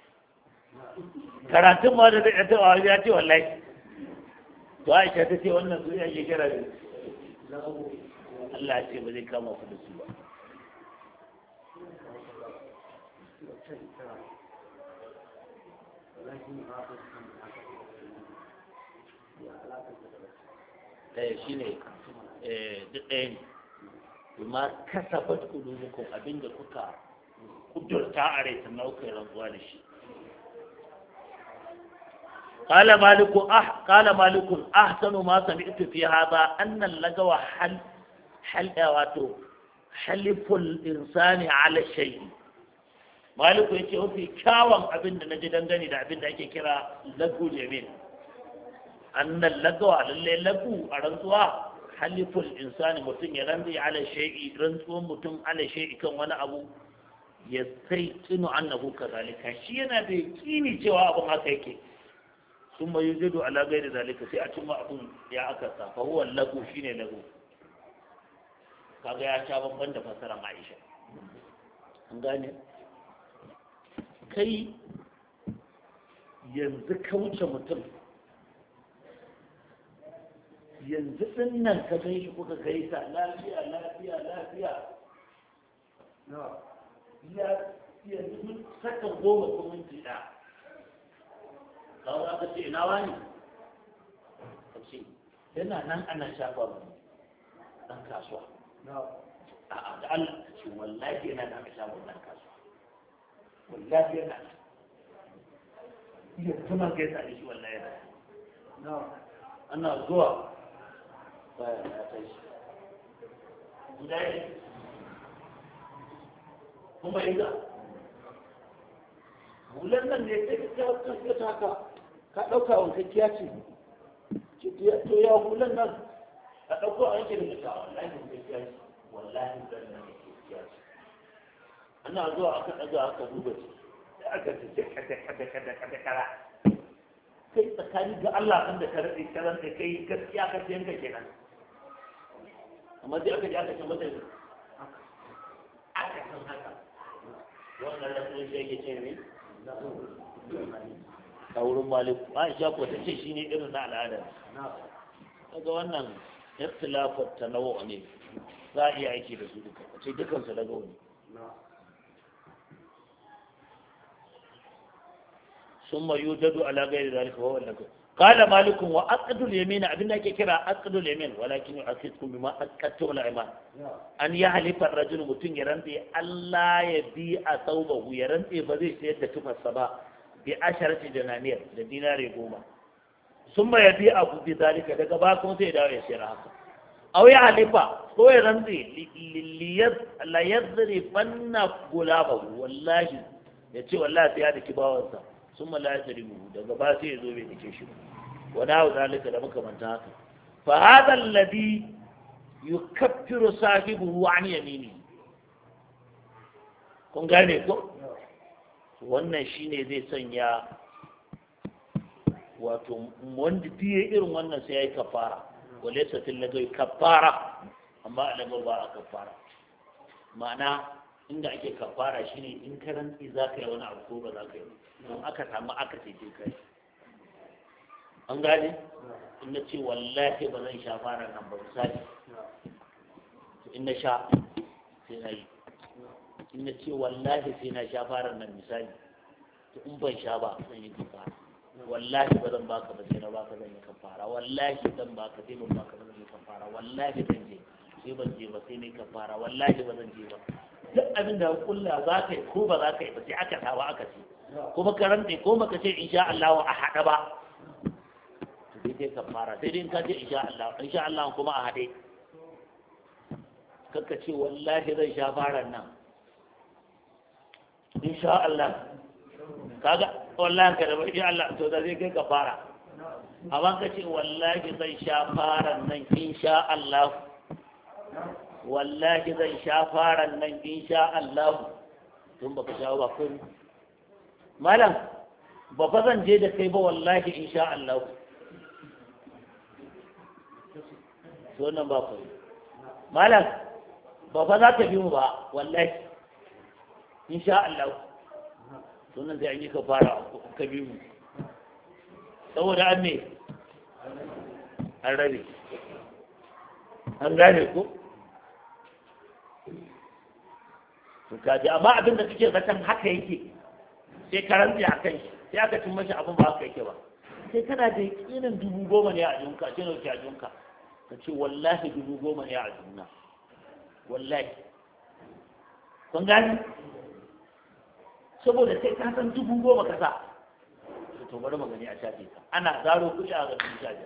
karatun ma da zai ɗan taɓa wani ya ce wallahi to aisha ta ce wannan su yan shekara ne Allah ya ce ba zai kama ku da su ba ɗaya eh, shi ne eh, duk ɗaya ne kuma kasabat kulubukum abinda kuka kudurta a rai sannan kuka yi rantsuwa da shi قال مالك أح قال مالك أحسن ما سمعت في هذا أن اللغو حل حل واتو حلف الإنسان على الشيء مالك يتي وفي كاوان أبن نجي دنغني دا أبن أكي كرا لغو جميل أن اللغو على اللي لغو أرنسوا حلف الإنسان متن يرنزي على الشيء رنسوا متن على شيء كان وانا أبو يستيقن أنه كذلك شيء أنا بيكيني جواب ما تيكي ثم يوجد على غير ذلك sai a cimma abun ya aka sa fa huwa lagu shine lagu kaga ya sha babban da fasaran Aisha an gane kai yanzu kauce mutum yanzu din nan ka gan shi kuka gaisa lafiya lafiya lafiya ya yanzu mun saka goma kuma minti ɗaya kawo aka ce ina wani ka ce yana nan ana shafa ba dan kasuwa a'a da Allah ce wallahi yana nan ana shafa dan kasuwa wallahi yana nan ya kuma kai sa shi wallahi yana nan ana zuwa Ba ya kai shi guda kuma ina hular nan ne sai ka ta haka ka ɗauka wankakkiya ce to ya hulan nan a ɗauko a yanke da mutu wallahi wankakkiya ce wallahi zan nan wankakkiya ce ana zuwa aka ɗaga aka duba ce aka ce kada kada kada kada kara kai tsakani ga Allah kan da ka rade karan da kai gaskiya ka ce yanka kenan amma sai aka ji aka ce mata aka san haka wannan rasulun shi yake ce ne a wurin maliku aisha ko ta ce shine irin na al'ada daga wannan ta tanawwu ne za a iya aiki da su duka ce dukan su daga wani summa yudadu ala ghairi zalika wa wallahi قال مالك وأقد اليمين أبن لك كرا أقد اليمين ولكن يؤكدكم بما أقدتم الأيمان أن يحلف الرجل متن ya ألا ba zai يرندي فذي سيد ba. bi asharati dinamiyar da dinare goma sun ma yabi abu bi zalika daga ba kuma sai dawo ya sayar haka aw ya halifa ko ya rantsi la yadri fanna gulaba wallahi ya ce wallahi sai ya daki bawansa sun ma la yadri daga ba sai ya zo bai dake shi wa na zalika da makamanta haka fa hadha alladhi yukaffiru sahibu an yamini kun gane ko wannan shi ne zai sanya wato wanda biye irin wannan sai ya yi kafara walaisa na lagai kafara amma a lagar ba a kafara ma'ana inda ake kafara shi ne in karanti za ka yi wani abu ko ba za ka yi don aka samu aka teke kai. an gane in na ce wallahi ba zan sha fara nan ba misali in na sha sai na yi in ce wallahi sai na sha farar nan misali to in ban sha ba zan yi kafara wallahi ba zan baka ba sai na baka zan yi kafara wallahi zan baka sai ban baka zan yi kafara wallahi zan je sai ban je ba sai na yi kafara wallahi ba zan je ba duk abin da kulla za ka yi ko ba za ka yi ba sai aka ba aka ce Ko baka rantse ko baka ce in sha Allah a haɗa ba to dai sai kafara sai dai in ka ce sha Allah sha Allah kuma a haɗe kakka ce wallahi zan sha farar nan insha Allah kaga wallahi ka da ba insha Allah to da zai kai ka fara amma ka ce wallahi zan sha fara nan insha Allah wallahi zan sha fara nan insha Allah tun baka sha ba kun malam ba fa zan je da kai ba wallahi insha Allah to nan ba ku malam ba fa za ka bi mu ba wallahi insha Allah sunan sai an yi fara ka mu saboda an ne an rabe an gane ko to ji amma abin da kike zaton haka yake sai ka rantsi a kai sai aka cin mashi abin ba haka yake ba sai kana da yakinin dubu goma ne a ajiyunka ce ne a ajiyunka ka ce wallahi dubu goma ne a ajiyuna wallahi kun gani saboda sai ka san dubu goma ka sa to bari mu gani a shafe ka ana zaro kuɗi a gaban shafe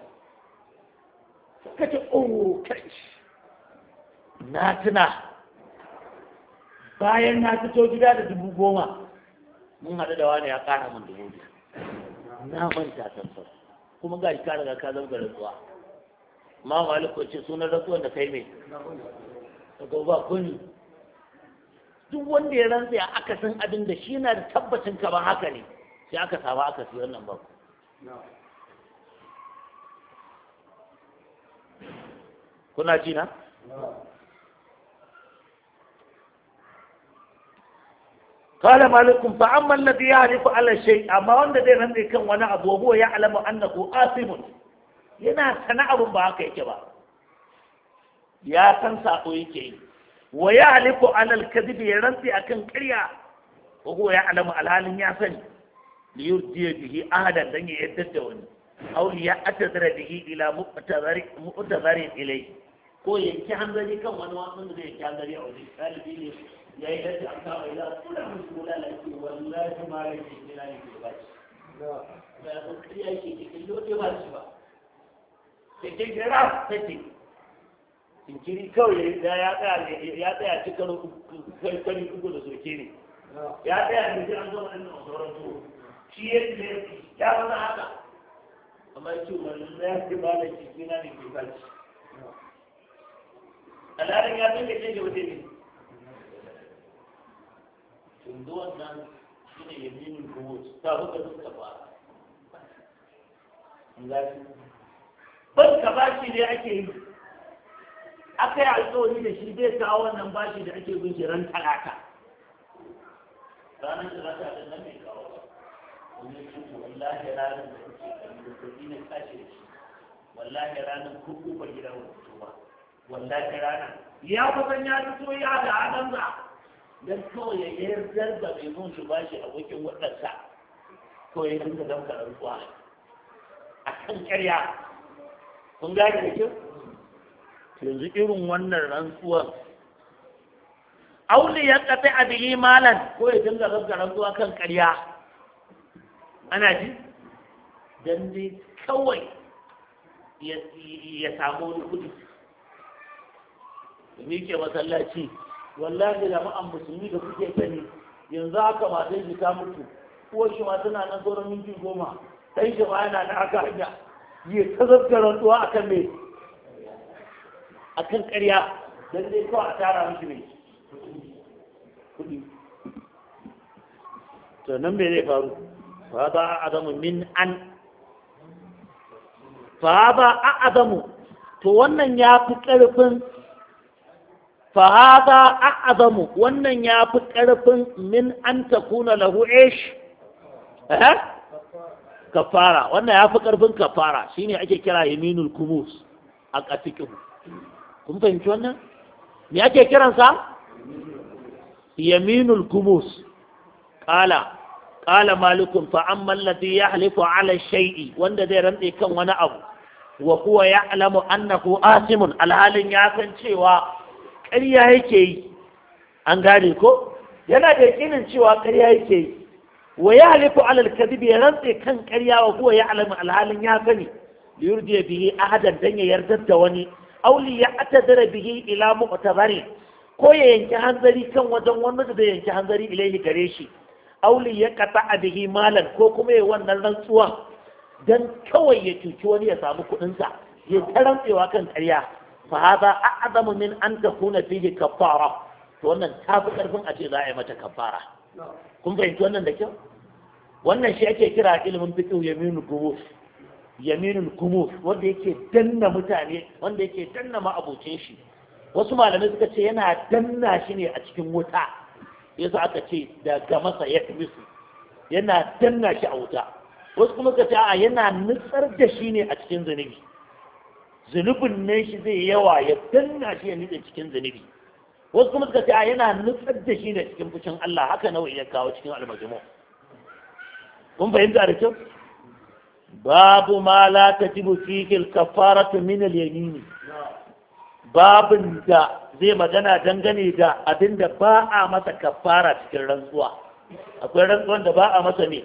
ka ce oh kai na tuna bayan na fito gida da dubu goma mun haɗu da wani ya ƙara min dubu biyu na manta tantar kuma ga shi ka riga ka zama rantsuwa ma malik ko ce sunan rantsuwan da kai mai daga ba kuni duk wanda ya rantsa ya aka san abin da shi na da tabbacin ka ban haka ne sai aka samu aka fi wannan ba kuna ci na? kala malikun fa amma alladhi ya'rifu ala shay amma wanda zai rantsa kan wani abu wa huwa ya'lamu annahu asimun yana sana'arun ba haka yake ba ya san sako yake yi wa ya halifu alal kadhibi ya rantsi akan karya? wa huwa ya alamu alhalin ya sani li jiya bihi ahadan dan ya yadda da wani ya li ya'tazira bihi ila mu'tazari ilai ko ya yanki hanzari kan wani wasan da zai yanki hanzari a wani kalibi ne ya yi dace an kama ila kula musu lalace wallahi ma ya ke kira ne ke ba shi ba ya san ƙarya ke cikin lokaci ba shi ba sai ke kira sai jinkiri kawai ya tsaya ya tsaya cikin kari uku da soke ne ya tsaya ne sai an zama ɗin sauran tuwo shi ya ce ya zama haka amma ya ce wannan ya ce ba da jiki na ne ke baci alhalin ya tsaye da ke wata ne tundu wannan shi ne yaminin kowo ta hukar suka fara ban ka bashi ne ake yi aka yi alkawari da shi zai kawo wannan bashi da ake bin shi ran talata ranar talata da nan mai kawo wani cuta wallahi ranar da kuke kan zazzabi na tashi da shi wallahi ranar kuku ba gida wani ba wallahi ranar ya kusan ya fito ya da adanza dan kawai ya yarda da mai mun shi bashi abokin waɗansa kawai ya dinga damka rantsuwa a kan ƙarya kun gane da kyau yanzu irin wannan rantsuwar auli ya kafe a bihi malan ko ya dinga rantsa rantsuwa kan ƙarya ana ji dan ne kawai ya samu wani kudi domin ke masallaci wallahi da ma'an musulmi da kuke gani yanzu haka matan shi ta mutu kuwa shi ma tana nan sauran minti goma ɗan shi ma yana na aka hanya ya ta rantsuwa a akan mai a kan ƙarya don dai kawai a tara mishi ne kuɗi to nan me zai faru fa ba a adamu min an fa ba a adamu to wannan ya fi ƙarfin wannan ya fi ƙarfin min an takuna lahu ish kafara wannan ya fi ƙarfin kafara shine ake kira yaminul kumus a ƙasikihu kun fahimci wannan me ake kiransa yaminul kumus qala qala malikun fa amma alladhi yahlifu ala shay'i wanda zai rantse kan wani abu wa huwa ya'lamu annahu asimun alhalin ya san cewa ƙarya yake yi an gane ko yana da yakinin cewa ƙarya yake yi wa ya ala alal ya rantse kan ƙarya wa huwa ya'lamu alhalin ya sani liyurji bihi ahadan dan ya yarda da wani auli ya atadara bihi ila mu'tabari ko ya yanki hanzari kan wajen wani da yanki hanzari ilaihi gare shi auli ya kata bihi malan ko kuma ya wannan rantsuwa dan kawai ya cuci wani ya samu kuɗinsa ya ta rantsewa kan ƙarya fa hada a'zamu min an takuna fihi kaffara to wannan ta fi karfin a ce za a yi mata kaffara kun fahimci wannan da kyau wannan shi ake kira ilimin fiqh yaminu gumuf yaminul kumur wanda yake danna mutane wanda yake danna ma'abocin shi wasu malamai suka ce yana danna shi ne a cikin wuta yasa aka ce daga masa ya misu yana danna shi a wuta wasu kuma suka ce a yana nutsar da shi ne a cikin zunubi zunubin ne shi zai yawa ya danna shi ya nutse cikin zunubi wasu kuma suka ce a yana nutsar da shi ne cikin fushin Allah haka nawa ya kawo cikin almajimu kun fahimta da kyau باب ما لا تجب فيه الكفارة من اليمين باب دا زي ما جنا جنجني دا أدين دا باء مثا كفارة كرنسوا أقول دا باء مثا مي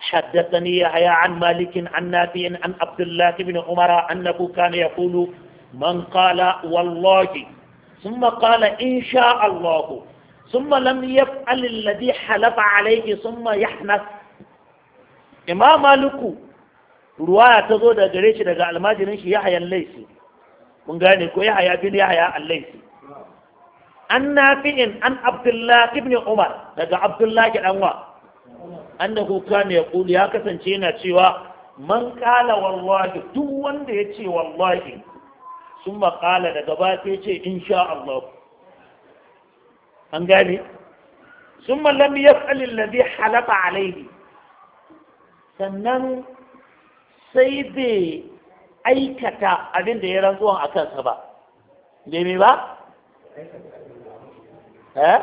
حدثني يحيى عن مالك عن نافع عن عبد الله بن عمر أنه كان يقول من قال والله ثم قال إن شاء الله ثم لم يفعل الذي حلف عليه ثم يحنث imam maliku ruwaya ta zo da gare shi daga almajirin shi yahya al-laisi mun gane ko yahya bin yahya al-laisi an nafi'in an abdullahi ibn umar daga abdullahi danwa annahu kana yaqulu ya kasance yana cewa man kala wallahi duk wanda ya ce wallahi sun makala daga ba sai ce insha Allah an gane sun mallam ya tsalin lazi halafa alaihi sannan sai bai aikata abin da ya rantsuwan a kansa ba bai mai ba? Eh?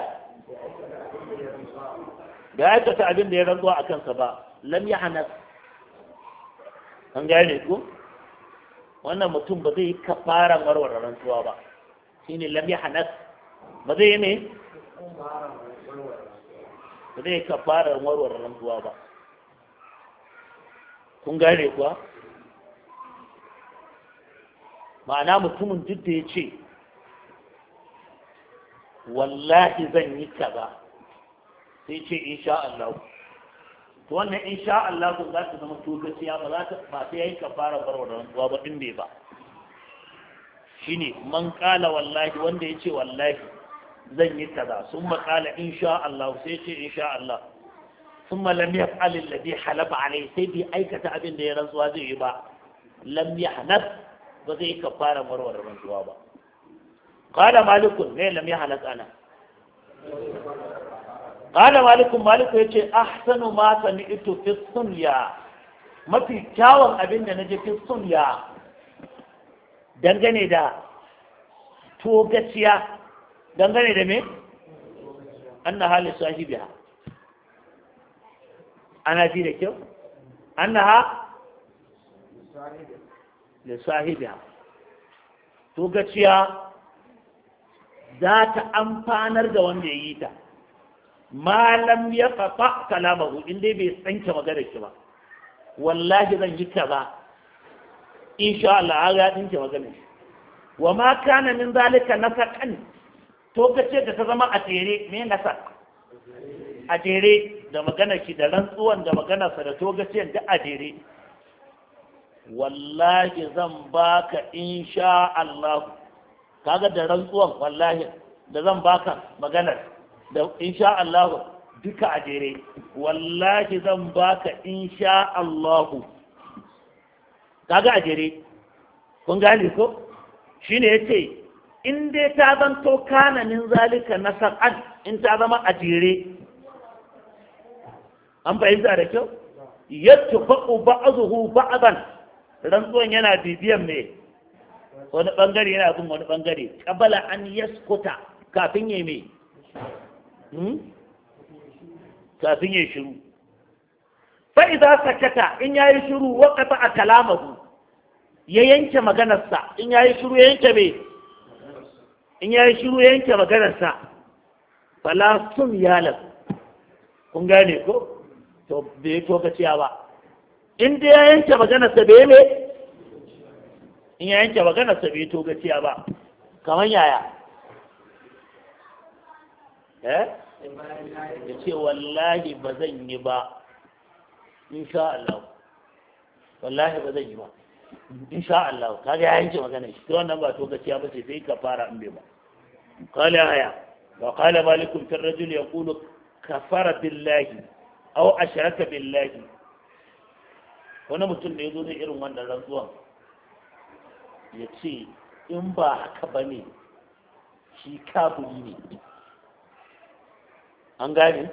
bai aikata abin da ya rantsuwa a kansa ba lam ya hana an gane ku wannan mutum ba zai yi kafaran warware rantsuwa ba ne lam ya hana ba zai yi ne ba zai yi kafaran warware rantsuwa ba kun gane kuwa ma'ana mutumin duk da ya ce wallahi zan yi kaza sai ce insha Allah to wannan insha Allah kun za ta zama tokaciya ba za ta ba sai yayi kafara barwa da rantsuwa ba din bai ba shine man kala wallahi wanda ya ce wallahi zan yi kaza sun makala insha Allah sai ce insha Allah sun lam ya fi bi halafa alai sai bai aikata abin da ya rantsuwa zai yi ba lam ya hanat ba zai ka fara marwar rantsuwa ba kada malikun ne lam ya hanat kada malikun malikun ya ah sanu ma sami ito fi mafi kyawun abinda na ji fi sunya dangane da tuwo gaciya dangane da me an na hali sahibiya ana ji da kyau annaha da sahibiya to gaciya za ta amfanar da wanda ya yi ta malam ya fafa kalamahu in dai bai tsanke magana shi ba wallahi zan yi ba, insha Allah har ya tsanke magana shi wa ma kana min zalika nasaqan to kace da ta zama a tsere me nasak a da magana ki da rantsuwan da magana sa da togaciyan da a jere wallahi zan baka insha Allah kaga da rantsuwan wallahi da zan baka maganar da insha Allah duka a jere wallahi zan baka insha Allah kaga a kun gane ko shine yace in dai ta zanto kananin zalika na sar'ad in ta zama a an fahimta da kyau yadda faɗo ba'azuhu ba'azan rantsuwan yana bibiyan me wani ɓangare yana bin wani ɓangare ƙabala an yaskuta kafin ya me hmm? kafin ya shiru fa'iza sakata in ya yi shiru waƙafa a kalamahu ya yanke maganarsa in ya yi shiru ya yanke me in ya yi shiru ya yanke maganarsa fala sun yalar kun gane ko to bai tokaciya ba in dai ya yanke magana sa bai me in ya yanke magana sa bai tokaciya ba kamar yaya eh ya ce wallahi ba zan yi ba insha Allah wallahi ba zan yi ba insha Allah kaga ya yanke magana shi to wannan ba tokaciya ba sai sai ka fara in bai ba قال هيا وقال مالك في الرجل يقول كفر بالله aw ashraka billahi wani mutum ne zo zai irin wannan rantsuwan ya ce in ba haka ba ne shi kafiri ne an gane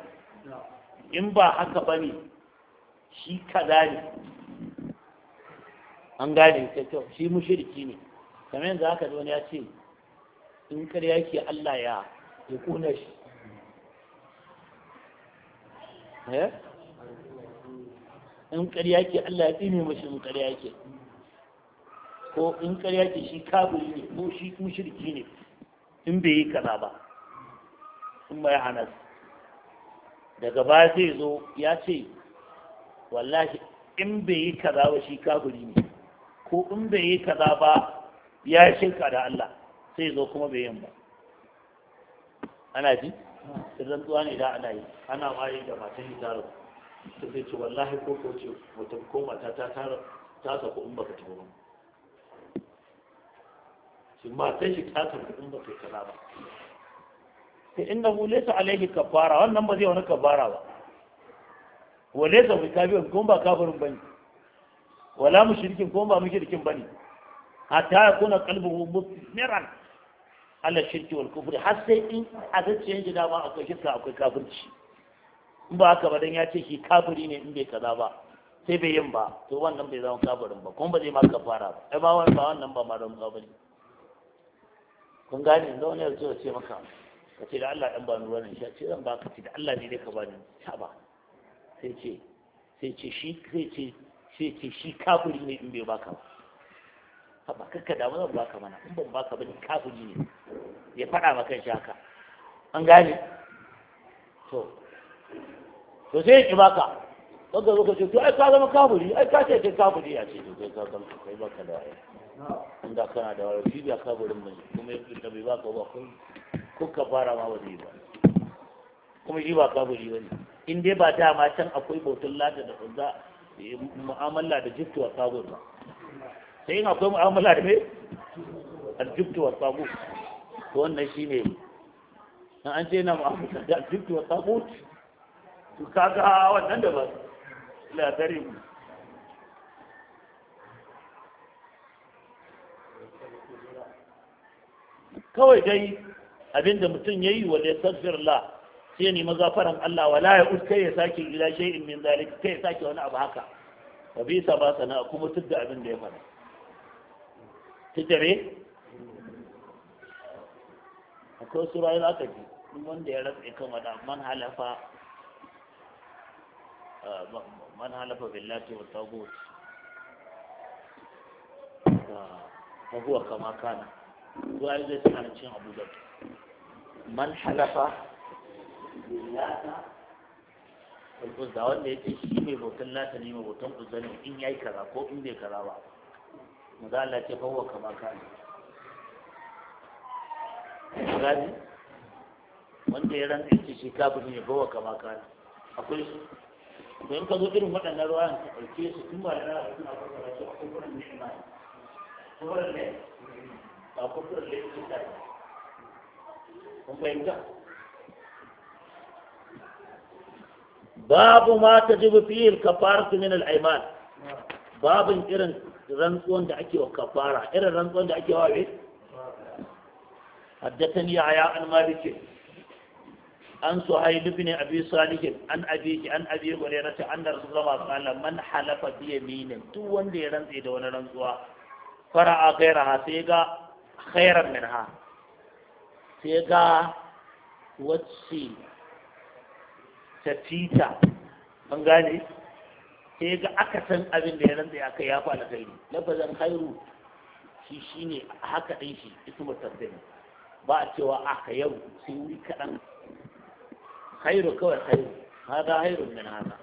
in ba haka ba ne shi kaza ne an gane kyau shi mushirki ne kamar yanzu haka zo ya ce in karya ke Allah ya ya kuna shi Eh? in ƙarya ke Allah ya tsine mashi in ƙarya ke ko in ƙarya ke shi kafiri ne ko shi mushriki ne in bai yi kaza ba in bai hana su daga ba zai zo ya ce wallahi in bai yi kaza ba shi kafiri ne ko in bai yi kaza ba ya shirka da Allah sai zo kuma bai yin ba ana ji sun rantsuwa ne da ana yi ana waye da matan hijarar ta zai ce wallahi ko ko ce mutum ko mata ta tara ta saku in baka tafi ba shi matan shi ta saku in baka kaza ba ta inda hu laysa alaihi kafara wannan ba zai wani kafara ba wa laysa bi kafirin kuma ba kafirin bane wala mushrikin kuma ba mushrikin bane hatta yakuna qalbuhu musmiran ala shirki wal kufri har sai in a zacciyar gida ma akwai shirka akwai kafirci in ba haka ba dan ya ce shi kafiri ne in bai kaza ba sai bai yin ba to wannan bai zama kafirin ba kuma ba zai ma kafara ba ai ba wannan ba wannan ba ma don ne kun gane yanzu wani yanzu ya ce maka ka ce da Allah dan ba ni ne, shi ce zan ba ka ce da Allah ne dai ka bani sha ba sai ce sai ce shi sai ce sai ce shi kafiri ne in bai baka ba haɓa kakka damu zan baka mana in ban baka ba kafiri ne ya faɗa ma kan shaka an gane to to sai ya ki baka wanda zo ka ce to ai ka zama kafiri ai ka ce kai kafiri a ce to kai ka zama kai baka da wani in da kana da wani bibiya kafirin mai kuma ya fi bai baka ba kun ka fara ma ba zai ba kuma shi ba kafiri ba ne in dai ba dama can akwai bautun lada da uzza mu'amala da jiftuwa kafir ba sai yin akwai mu'amala da mai aljibtu wa tsagut to wannan shi ne in an ce yana mu'amala da aljibtu wa tsagut to kaga wannan da ba ladari mu kawai dai abinda mutum ya yi wa da tasfir la sai ne mazafaran Allah wala ya uskai ya sake ila shay'in min zalik kai ya sake wani abu haka wa bisa ba sana'a kuma tudda abin da ya fara take akwai su rayu za ta ji wanda ya rasa kan wada man halafa man halafa billahi wa tagut ta huwa kama kana to ai zai tsana cin abu da man halafa billahi wa tagut wanda yake shi mai bautan lata ne mai bautan uzani in yayi kaza ko in bai kaza ba maza Allah ce fahuwa kama kana gani wanda ya rantsa ce shi kafin ne fahuwa kama kana akwai su to in ka zo irin waɗannan ruwan ka ɗauke su tun ba da rana suna farfara su a kofuran ne ma kofuran ne ba kofuran ne su ta kun fahimta babu ma ta jibu fiye kafaratu min al'aiman babin irin rantsuwan da ake wa kafara irin rantsuwan da ake wa ne ya yahya an malik an ne a abi salih an abihi an abi hurairah anna rasulullah sallallahu man halafa bi yaminin duk wanda ya rantse da wani rantsuwa fara'a gairaha sai ga khairan ha, sai ga wacce tafita an gane sai ga aka san abin da ya rantsa ya kai ya fa alkhairi lafazan khairu shi shine haka din shi ismu tasdin ba a cewa aka ah, yau sai wuri kadan khairu kawai khairu hada khairu min hada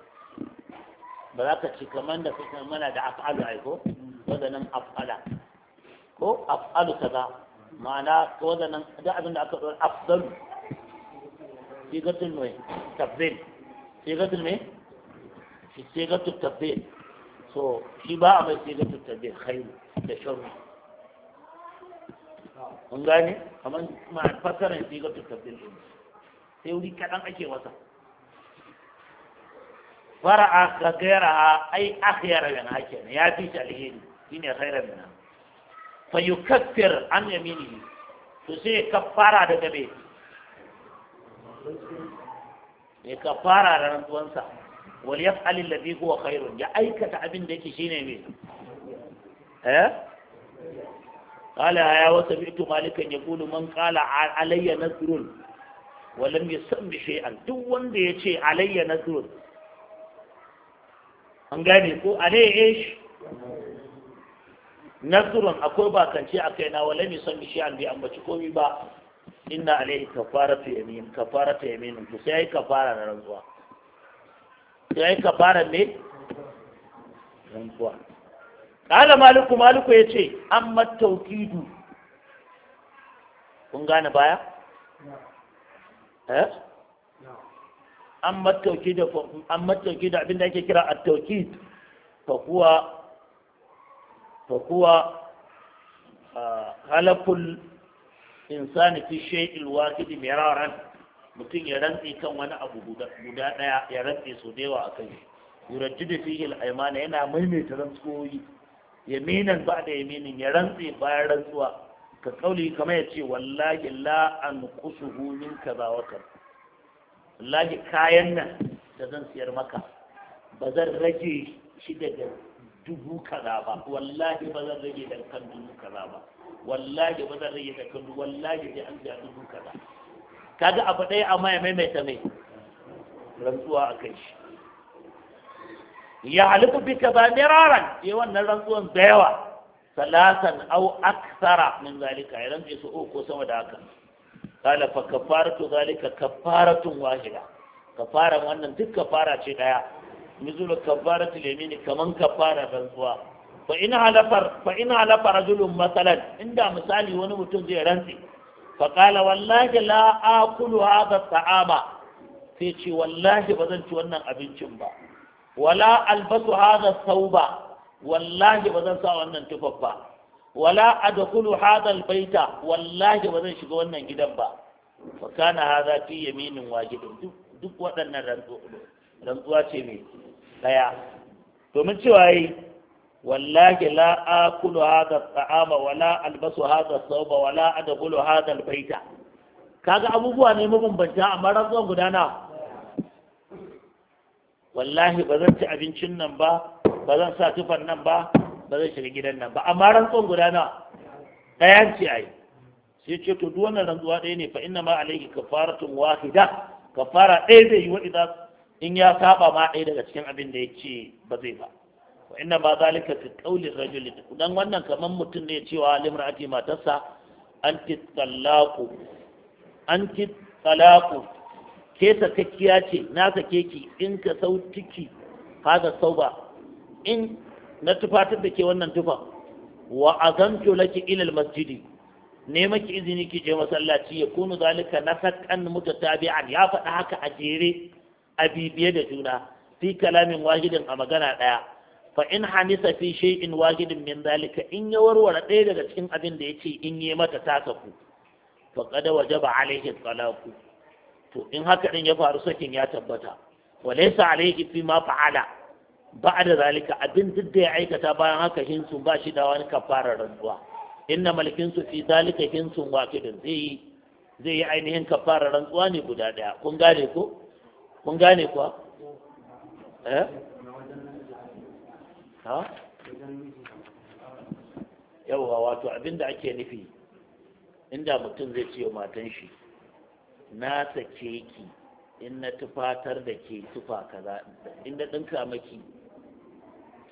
ba za ka ci kamar da kuka mana da af'alu aiko wadannan af'ala ko af'alu kaza ma'ana wadannan da abin da aka dora afdalu sigatul mai tafdil sigatul mai sai ga tuttabbin so shi ba a mai sai ga tuttabbin khairu da sharru kun gane kamar ma fasaran sai ga tuttabbin din sai wuri kaɗan ake wasa fara'a ga gaira'a ai akhyara min hakin ya fi shi alheri shine khairan min fa an sai daga wal yaf'al alladhi huwa khairun ya aikata abin da yake shine me eh قال يا وسمعت مالكا يقول من قال علي نذر ولم يسم شيئا duk wanda ya ce alayya nazrun an gane ko alayya ish nazrun akwai bakance a kaina walam yusam shay'an bi ambaci komi ba inna alayhi kafaratu yamin kafaratu yamin to sai kafara na rantsuwa ya yi kafaran ne rantsuwa kala maluku maluku ya ce an mattaukidu kun gane baya eh? an mattaukidu abinda ake kira a taukid fa kuwa ah, halakul kuwa halaful insani fi shay'il waqidi miraran mutum ya rantse kan wani abu guda ɗaya ya rantse sau da yawa a kai yurajjidu da al al'aimana yana maimaita rantsuwoyi yaminan ba da yaminin ya rantse bayan rantsuwa ka kauli kamar ya ce wallahi la an hunin ka za wa wallahi kayan nan da zan siyar maka ba zan rage shi daga dubu kaza ba wallahi ba zan rage daga kan dubu kaza ba wallahi ba zan rage daga kan wallahi sai an siya dubu kaza kaga abu ɗaya amma ya maimaita mai rantsuwa a kai shi ya halittu bi ka ba miraran ya eh, wannan rantsuwan da yawa salatan au aksara min zalika ya rantsu su uku sama da haka kala fa kafaratu zalika kafaratun wahida kafaran wannan duk kafara ce daya mizulu kafaratu lemini kaman kafara rantsuwa fa ina halafar fa in halafar rajulun masalan inda misali wani mutum zai rantsi. faƙala wallahi la akulu hada ta'ama sai ce wallahi ba zan ci wannan abincin ba wala albasu hada sauba wallahi ba zan sa wannan tufaf ba wala adkhulu hada albaita wallahi ba zan shiga wannan gidan ba fa kana hada fi yaminin wajibin duk waɗannan rantsuwa ce mai daya domin cewa wallahi la akulu hadha at'ama wala albasu hadha thawba wala adkhulu hadha albayta kaga abubuwa ne mabambanta amma rantsuwan guda wallahi ba zan ci abincin nan ba ba zan sa tufan nan ba ba zan shiga gidan nan ba amma rantsuwan guda na ɗayan ce ai sai ce to duk wannan rantsuwa ɗaya ne fa inna ma alayhi kafaratun wahida kafara ɗaya zai yi wa idan in ya saba ma ɗaya daga cikin abin da ya ce ba zai ba wa inna ma zalika fi qawli rajul dan wannan kaman mutum ne cewa limra'ati matarsa anti talaqu anti talaqu ke ce na sake ki in ka sautiki ga sauba in na tufatar da ke wannan tufa wa azantu laki ila al-masjid ne maki izini ki je masallaci ya kunu zalika nasakan mutatabi'an ya faɗa haka a jere a bibiye da juna fi kalamin wahidin a magana ɗaya fa in hamisa fi shay'in wahidin min zalika in ya warware ɗaya daga cikin abin da yace in yi mata ta saku fa qad wajaba alaihi talaqu to in haka din ya faru sakin ya tabbata wa laysa alaihi fi ma fa'ala ba'da zalika abin duk da ya aikata bayan haka hinsu ba shi da wani kafarar rantsuwa inna su fi zalika hinsun wahidin zai zai yi ainihin kafarar rantsuwa ne guda daya kun gane ko kun gane kuwa eh ha yawwa wato abinda ake nufi inda mutum zai ce matan shi na sake ki in na tufatar da ke tufa kaza inda ɗinka maki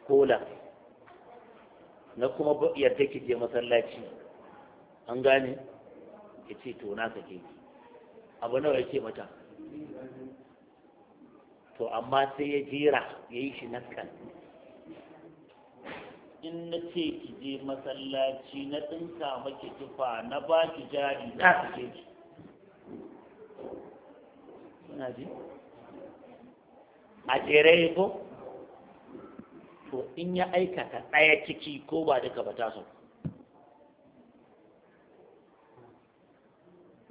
kola na kuma yadda ki je masallaci an gane ya ce to na sake ki abu nawa ya mata to amma sai ya jira ya yi shi naskan in na ce ki je masallaci na tsinka maki tufa na ba ki jari za ki ce ki suna ji a tsere ko to in ya aikata ɗaya ciki ko ba duka ba taso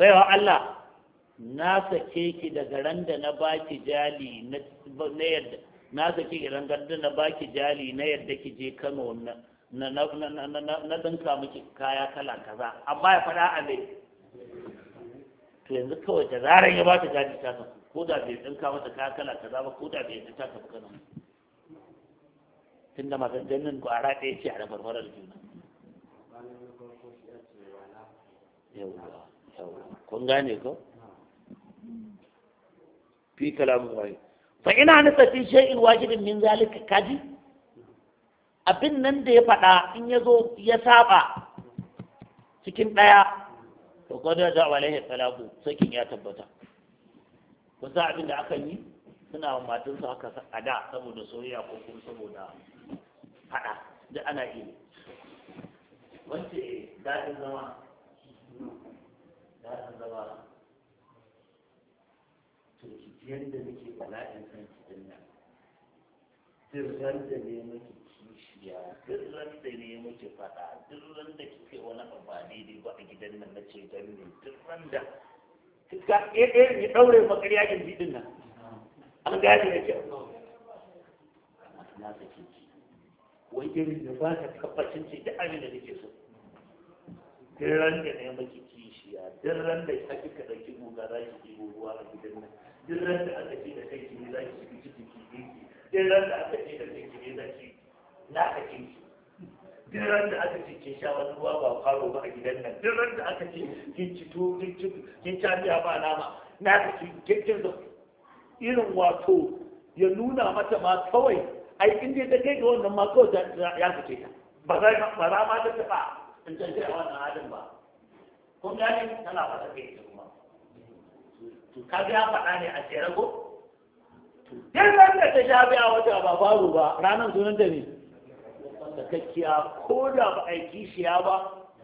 baiwa Allah na sake ki daga randa da na baki jali na yadda na saki idan gaddu na baki jali na yadda ki je Kano na na samu dinka miki kaya kala kaza amma ya fada a mai to yanzu kawai da zaran ya bata jali ta ka ko da bai dinka mata kaya kala kaza ba ko da bai yanzu ta Kano tunda jannin gwara ɗaya ce a da farfarar juna kun gane ko fi kalamun waye fa ina nasa fi shay'in wajibin min zalika kaji abin nan da ya faɗa in ya zo ya saba cikin ɗaya to kodar da alaihi salamu sakin ya tabbata kun abin da aka yi suna wa matansu haka a da saboda soyayya ko kuma saboda faɗa da ana iya wance daɗin zama daɗin zama yadda ke bala'in san ki din nan dirran da ne miki kishiya dirran da ne miki fada dirran da kike wani abu daidai ba a gidan nan na ce dan ne dirran da ga ɗaya eh, eh, ya daure makariya kin din nan an gane yake na sake ki wai irin da ba ta tabbacin ce da abin da nake so dirran da ne miki kishiya dirran da kika dauki guga za ki ɗibo ruwa a gidan nan duk ran da aka ce da kai ne za ki shiga cikin kiɗinki duk ran da aka ce da kai ne za ki na ka kinki duk ran da aka ce kin sha wani ruwa ba faro ba a gidan nan duk ran da aka ce kin ci to kin ci kin sha biya ba nama na ka ci kin kin zo irin wato ya nuna mata ma kawai ai in dai ta kai ga wannan ma kawai ya fice ta ba za ma ta taɓa in ta a wannan halin ba kun gane tana fata kai ta to ka ga faɗa ne a tsere ko ba da ta sha biya wata ba faru ba ranar sunan ta ne sakakkiya ko da ba a yi kishiya ba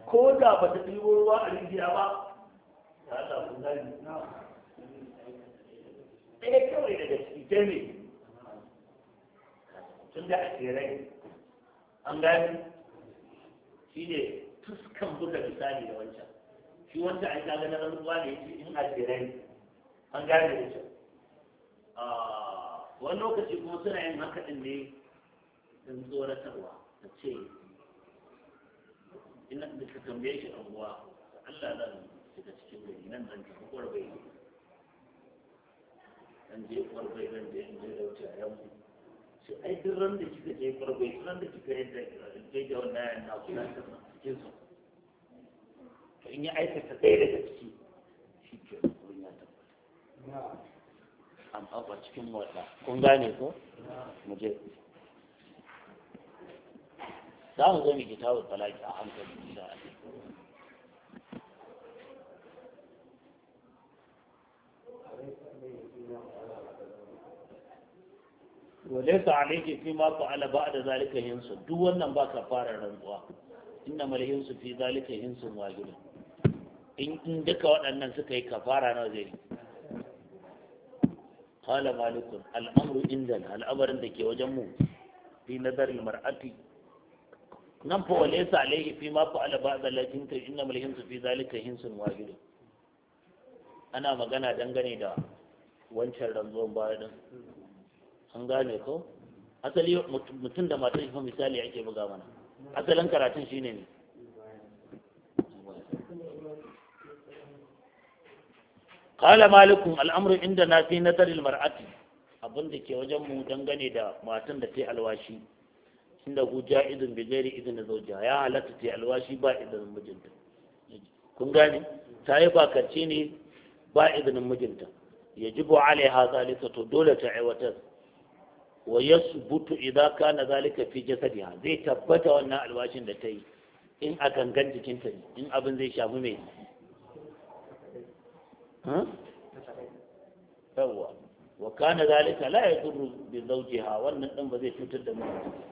ko da ba ta ɗibo ruwa a rijiya ba ta ta kun gani ɗaya kawai daga cikin ne tun da a tsere an gani shi ne tuskan buga misali da wancan shi wancan a yi ta ganin ruwa ne in a tsere an gane da kyau ah, wani lokaci kuma suna yin haka ɗin ne don tsoratarwa ta ce ina da ka tambaye shi anguwa Allah zan shiga cikin gari nan zan tafi kwarbai an je kwarbai zan je in je da wuce a yamma sai ai duk ran da kika je kwarbai duk ran da kika yadda ke da wannan yana kula da cikin su to in yi aikata ɗaya daga ciki an ɓaɓa cikin motsa kun gane ko mu je za mu zo mu kitabul falaki a hankali insha Allah وليس عليك فيما فعل بعد ذلك هنس duk wannan ba ka fara rantsuwa inna mal hinsu fi zalika hinsun wajib in in duka waɗannan suka yi kafara na zai qala malikun al'amru indana al'amarin da ke wajen mu fi nazarin mar'ati nan fa walaysa alayhi fi ma fa'ala ba'da lakin ta inna mal hinsu fi zalika hinsun wahid ana magana dangane da wancan ranzuwan baya din an gane ko asali mutum da matar shi misali ake buga mana asalin karatun shine ne qala malikun al'amru inda na fi nadaril mar'ati abin da ke wajen mu dangane da matan da ta yi alwashi inda hu izin bi ghairi idni zawjiha ya halatta ta yi alwashi ba izinin mijinta kun gane ta yi bakarci ne ba izinin mijinta Ya ji alai ha zalika to dole ta aiwatar wa yasbutu idza kana zalika fi jasadiha zai tabbata wannan alwashin da ta yi in a gangan jikinta ne in abin zai shafi mai yawwa wa kana zalika la yadurru bi zawjiha wannan dan ba zai cutar da mijinta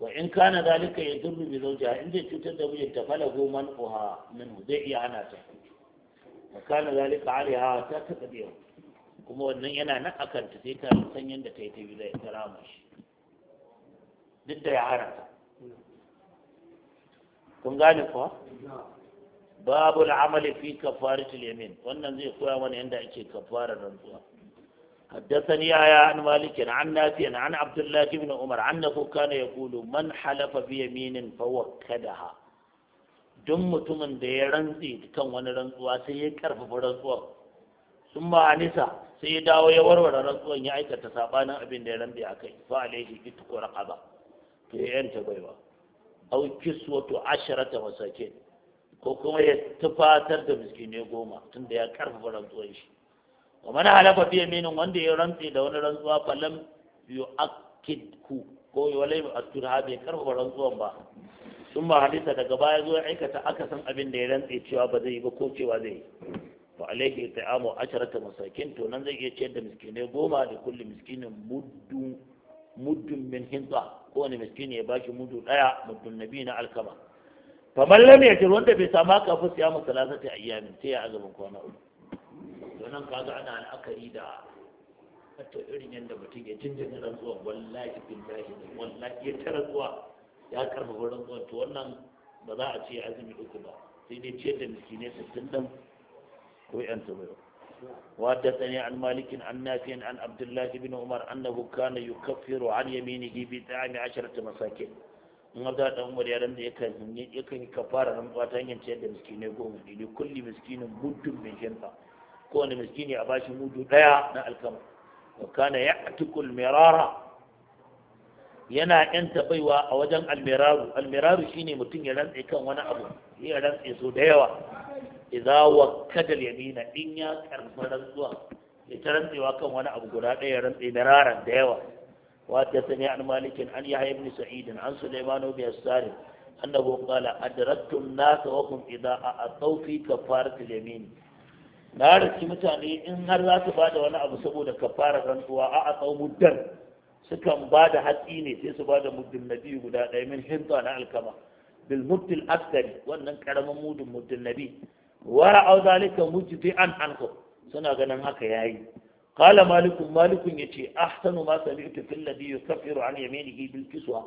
wa in kana zalika yadurru bi zawjiha in zai cutar da mijinta falahu man uha minhu zai iya hana ta wa kana zalika alaiha ta taqdiru kuma wannan yana nan akan ta sai ta san yanda ta yi ta bi da karama shi duk da ya hana kun gane kuwa babu al'amali fi kafaratul yamin wannan zai koya mana yanda ake kafarar rantsuwa حدثني يا عن مالك عن نافع عن عبد الله بن عمر أنه كان يقول من حلف بيمين فوكدها Don mutumin da ya rantsi kan wani rantsuwa sai ya karfafa rantsuwar sun ma anisa sai ya dawo ya warware rantsuwar ya aikata sabanin abin da ya rantsi a kai fa alaihi itqu raqaba to ya yanta baiwa aw kiswatu asharata masakin ko kuma ya tufatar da miskine goma tun da ya karfafa rantsuwar shi wa mana halafa fi minin wanda ya rantsi da wani rantsuwa falam yu'akkidhu ko walai a turha bai karfafa rantsuwan ba sun ba halitta daga baya zuwa aikata aka san abin da ya rantsi cewa ba zai yi ba ko cewa zai yi fa alaihi ta'amu asharata masakin to nan zai iya ce da miskinai goma da kulli miskinin muddun min hinza ko wani miskini ya bashi mudu daya muddun nabi na alkama kamar lam ruwan wanda bai samu haka fa siyamu salasati ayyamin sai ya azumin kwana uku to nan kaga ana al'akari da hatta irin yadda mutum ya jinjina rantsuwa wallahi billahi wallahi ya ta rantsuwa ya karfafa rantsuwa to wannan ba za a ce azumi uku ba sai dai ce da miskinai sittin din ko yan tabayo وحدثني عن مالك عن نافع عن عبد الله بن عمر أنه كان يكفر عن يمينه بطعام عشرة مساكين in ga dan umar ya ranta yakan yi yakan yi kafara nan ba ta hanyar ciyar da miskinai goma ne kulli miskinin muddun min shamfa wani miskini a bashi mudu ɗaya na alkama wa kana ya'tikul mirara yana yanta baiwa a wajen almiraru almiraru shine mutum ya rantsa kan wani abu ya rantsa so da yawa idza wakkada yamina in ya karfa rantsuwa ya rantsewa kan wani abu guda ɗaya ya rantsa miraran da yawa وحدثني عن مالك عن يحيى بن سعيد عن سليمان بن الساري أنه قال أدركت الناس وهم إذا أعطوا في كفارة اليمين na rikki mutane in har za su bada wani abu saboda kafara rantsuwa a a tsau muddar sukan ba da hatsi ne sai su ba da muddin nabi guda ɗaya min hinta na alkama bil muddin wannan karamin muddin muddin nabi wara an anko suna ganin haka yayi qala malikun malikun yace ahsanu ma sami'tu fil ladhi yukaffiru an yaminihi bil kiswa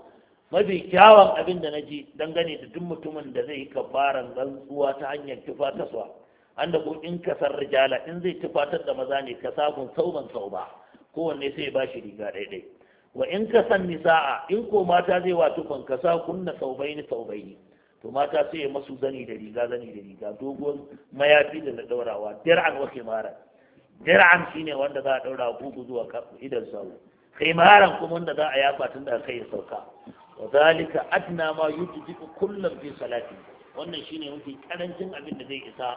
mafi kyawun abin da na naji dangane da duk mutumin da zai kafaran rantsuwa ta hanyar tufa an da ko in kasar rijala in zai tufatar da maza ne ka sabon sauban sauba kowanne sai ba shi riga daidai wa in kasan nisa'a in ko mata zai wa tufan ka sa kunna saubaini saubai. to mata sai masu zani da riga zani da riga dogon mayafi da na daurawa dir'an wa kimara dir'am ne wanda za a daura kugu zuwa idan sawu khimaran kuma wanda za a yafa tun da kai ya sauka wa zalika adna ma yujzi kullum fi salati wannan shine mafi karancin abin da zai isa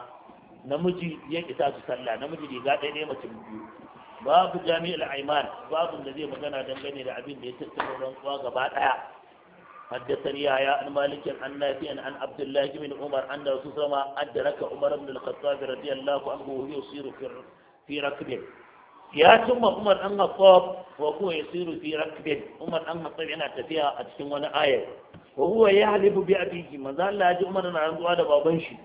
namiji ya isa su sallah namiji riga ɗaya ɗaya mace biyu babu jami'ul aiman babu da zai magana dangane da abin da ya tattauna rantsuwa gaba ɗaya حدثني يا عن مالك عن نافع عن عبد الله بن عمر أن رسول الله أدرك عمر بن الخطاب رضي الله عنه وهو يصير في fi rakbin ya cimma umar dan khattab wa huwa yasiru fi rakbin umar dan khattab yana tafiya a cikin wani ayar wa huwa yahlibu bi abihi manzo Allah ya ji umar na rantsuwa da baban shi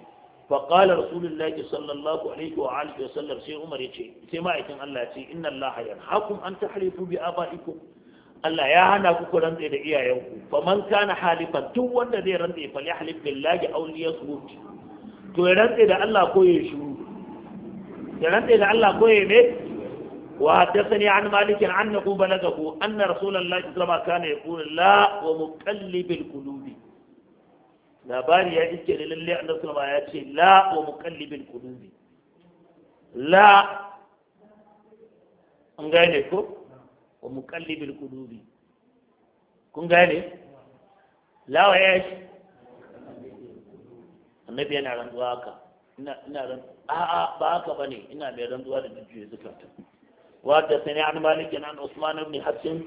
fa qala rasulullahi sallallahu alaihi wa alihi wa sallam sai umar ya ce sai ma'aikin Allah ya ce inna Allah yanhaakum an tahlifu bi abaikum Allah ya hana ku ku rantse da iyayenku fa man kana halifan duk wanda zai rantse fa lihlif billahi aw liyasmut to ya rantse da Allah ko ya shuru. ya rantse da Allah ko ya me wa haddathani an malik an naqu balagahu anna rasulullahi sallallahu alaihi wasallam kana yaqulu la wa muqallibil qulubi labari ya iske da lalle annabi sallallahu ya ce la wa muqallibil qulubi la an gane wa muqallibil qulubi kun gane la wa yashi annabi yana rantsuwa haka a'a ba haka bane ina mai rantsuwa da jujjuya zukata wa da sani an malik an usman ibn hasan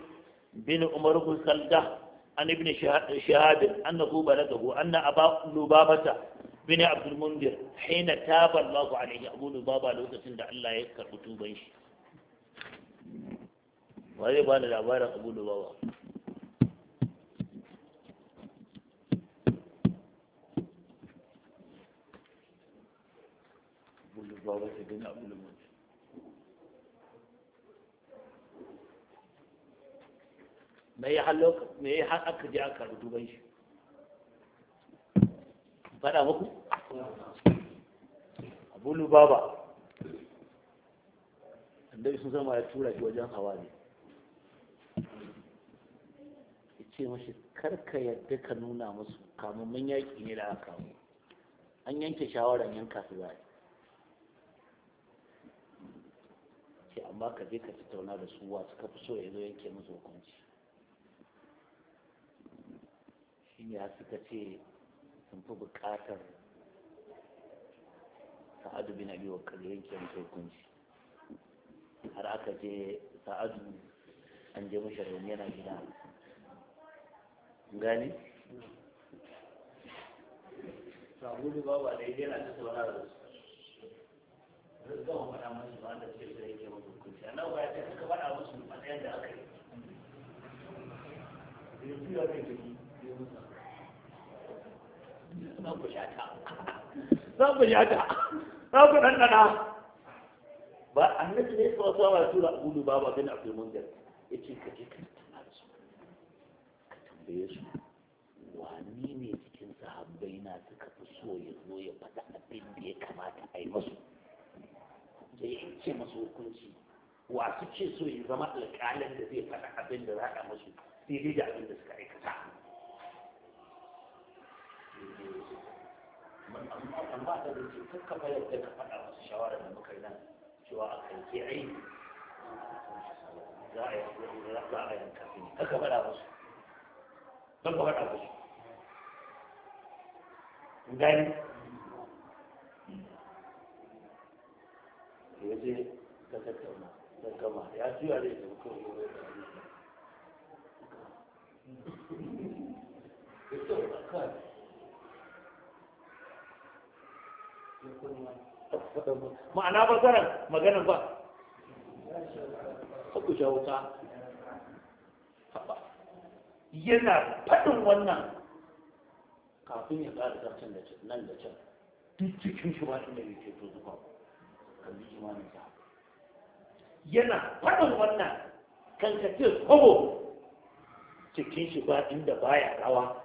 bin umar ibn salda an ibn shahab annahu balagahu anna aba lubabata bin abd al-mundir hina taba Allahu alayhi abu lubaba lokacin da Allah ya karbi tuban shi wa ba bani labarin abu lubaba بابة بن أبو المنذر me ya har aka je aka dubai shi fada muku abu lubaba annabi sun zama ya tura shi wajen hawa ne ya ce mashi karka yadda ka nuna musu kamamman yaƙi ne da aka kawo an yanke shawarar yanka su zai ce amma ka je ka tattauna da su wasu ka fi so ya zo yanke musu hukunci shi ne suka ce sun fi buƙatar sa'adu bin abi wakil yanke musu hukunci har aka je sa'adu an je mashi rauni yana gida gani? sabu ba ba da yana tattauna da su gama faɗa masu ba da ce sai yake mutu kunci annan ba ya ce suka faɗa musu matsayin da aka yi ya juya kai jiki ya mutu za ku shata za ku shata za ku ɗanɗana ba annabi ne kuma sa wa tura gudu ba ba bin abdul munzir yace ka je ka tana su ka tambaye su wani ne cikin sahabbai na suka fi so ya zo ya faɗa abin da ya kamata a yi masu da ya ce masu hukunci wa suke so ya zama alƙalin da zai faɗa abin da za a masu daidai da abin da suka aikata amma ta da ce kakka bayar da ka faɗa masu shawara da muka nan cewa a karke ai za a yanka su ne kakka faɗa masu kakka faɗa masu gani ya gama ya juya da da ma'ana ba zaran magana ba haku yana faɗin wannan kafin ya ƙara zarcen nan da can duk cikin shi ba inda yake to zuwa kalli imanin sa yana faɗin wannan kan ka ce kobo cikin shi ba inda baya rawa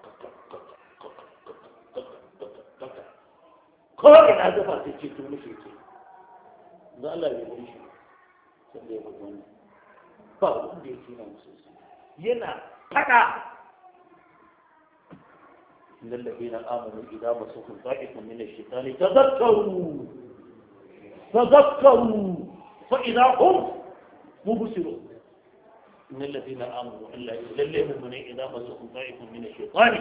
ko ina zafa ta ce tun nufi ke da Allah bai gudu shi sun da ya gudu wannan ba wanda ya tuna musu yana faɗa إن الذين آمنوا إذا مسهم طائف من الشيطان تذكروا فذكروا فإذا هم مبصرون إن الذين آمنوا إلا يذلهم من إذا مسهم طائف من الشيطان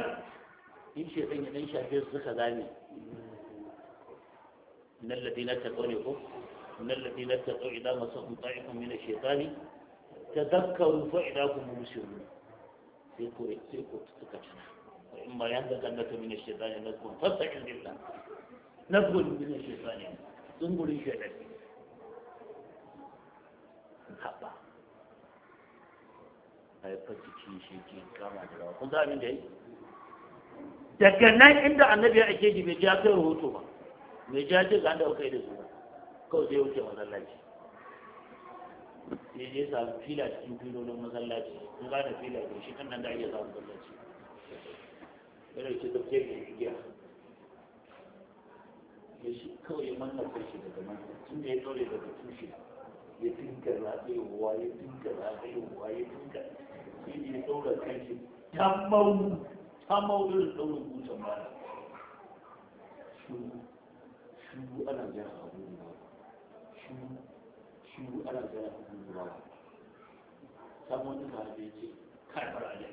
إن شيطان إن شيطان زخداني إن الذين اتقوا لكم إن الذين اتقوا إذا مسهم طائف من الشيطان تذكروا فإذا هم مبصرون سيكون سيكون تتكلم وإما ينزغنك من الشيطان نزغ فاستعذ بالله نزغ من الشيطان Sun zungurin shaidan haɓa a yi fasiki shi ke kama da rawa kun abin da ya yi daga nan inda annabi ya ake ji bai ja kai rahoto ba mai ja ce ga da kai da su kawai sai wuce masallaci sai dai sa fila cikin filolin masallaci kun gane fila da shi kan nan da ake samun masallaci yana ce tafiyar da igiya ya shi kawai ya manna kai shi daga nan tun da ya dole daga tushe ya dinga ratsayowa ya dinga ratsayowa ya dinga sai ya daura kan shi ta maunu ta da daura butan mana shuru shuru ana abu abubuwa shuru shuru ana jira abubuwa samun wani kare ya ce kai fara da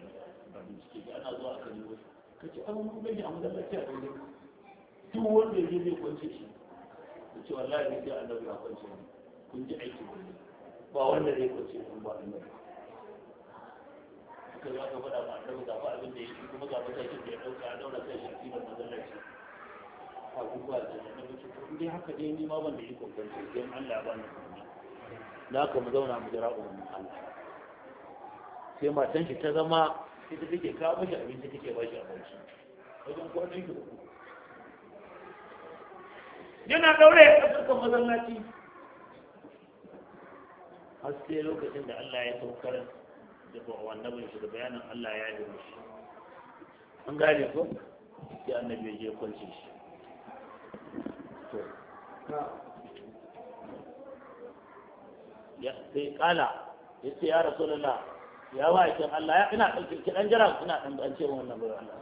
ba bincike ana zuwa a kan wasu kace an mun gani a masallaci a kan duk wanda ya zai shi da ce wallahi ne annabi a ne, kun ji aiki ne ba wanda zai ne ba annabi za ka faɗa annabi ga ya kuma ga matakin da ya ɗauka a ɗaura kai shi a annabi ce dai haka dai ni ma ban da Allah ba ni na ka mu zauna mu jira umarnin Allah sai matan shi ta zama ita take kawo mashi abinci take ba shi abinci wajen kwanan shi kuma yana daure a ƙasar masallaci har sai lokacin da Allah ya saukar da annabin shi da bayanin Allah ya yi shi an gane ko sai annabi ya je kwance shi to ya sai kala ya ce ya rasulullah ya wa'akin Allah ya ina ɗauki ɗan jira ina ɗan ɗan cewa wannan bai Allah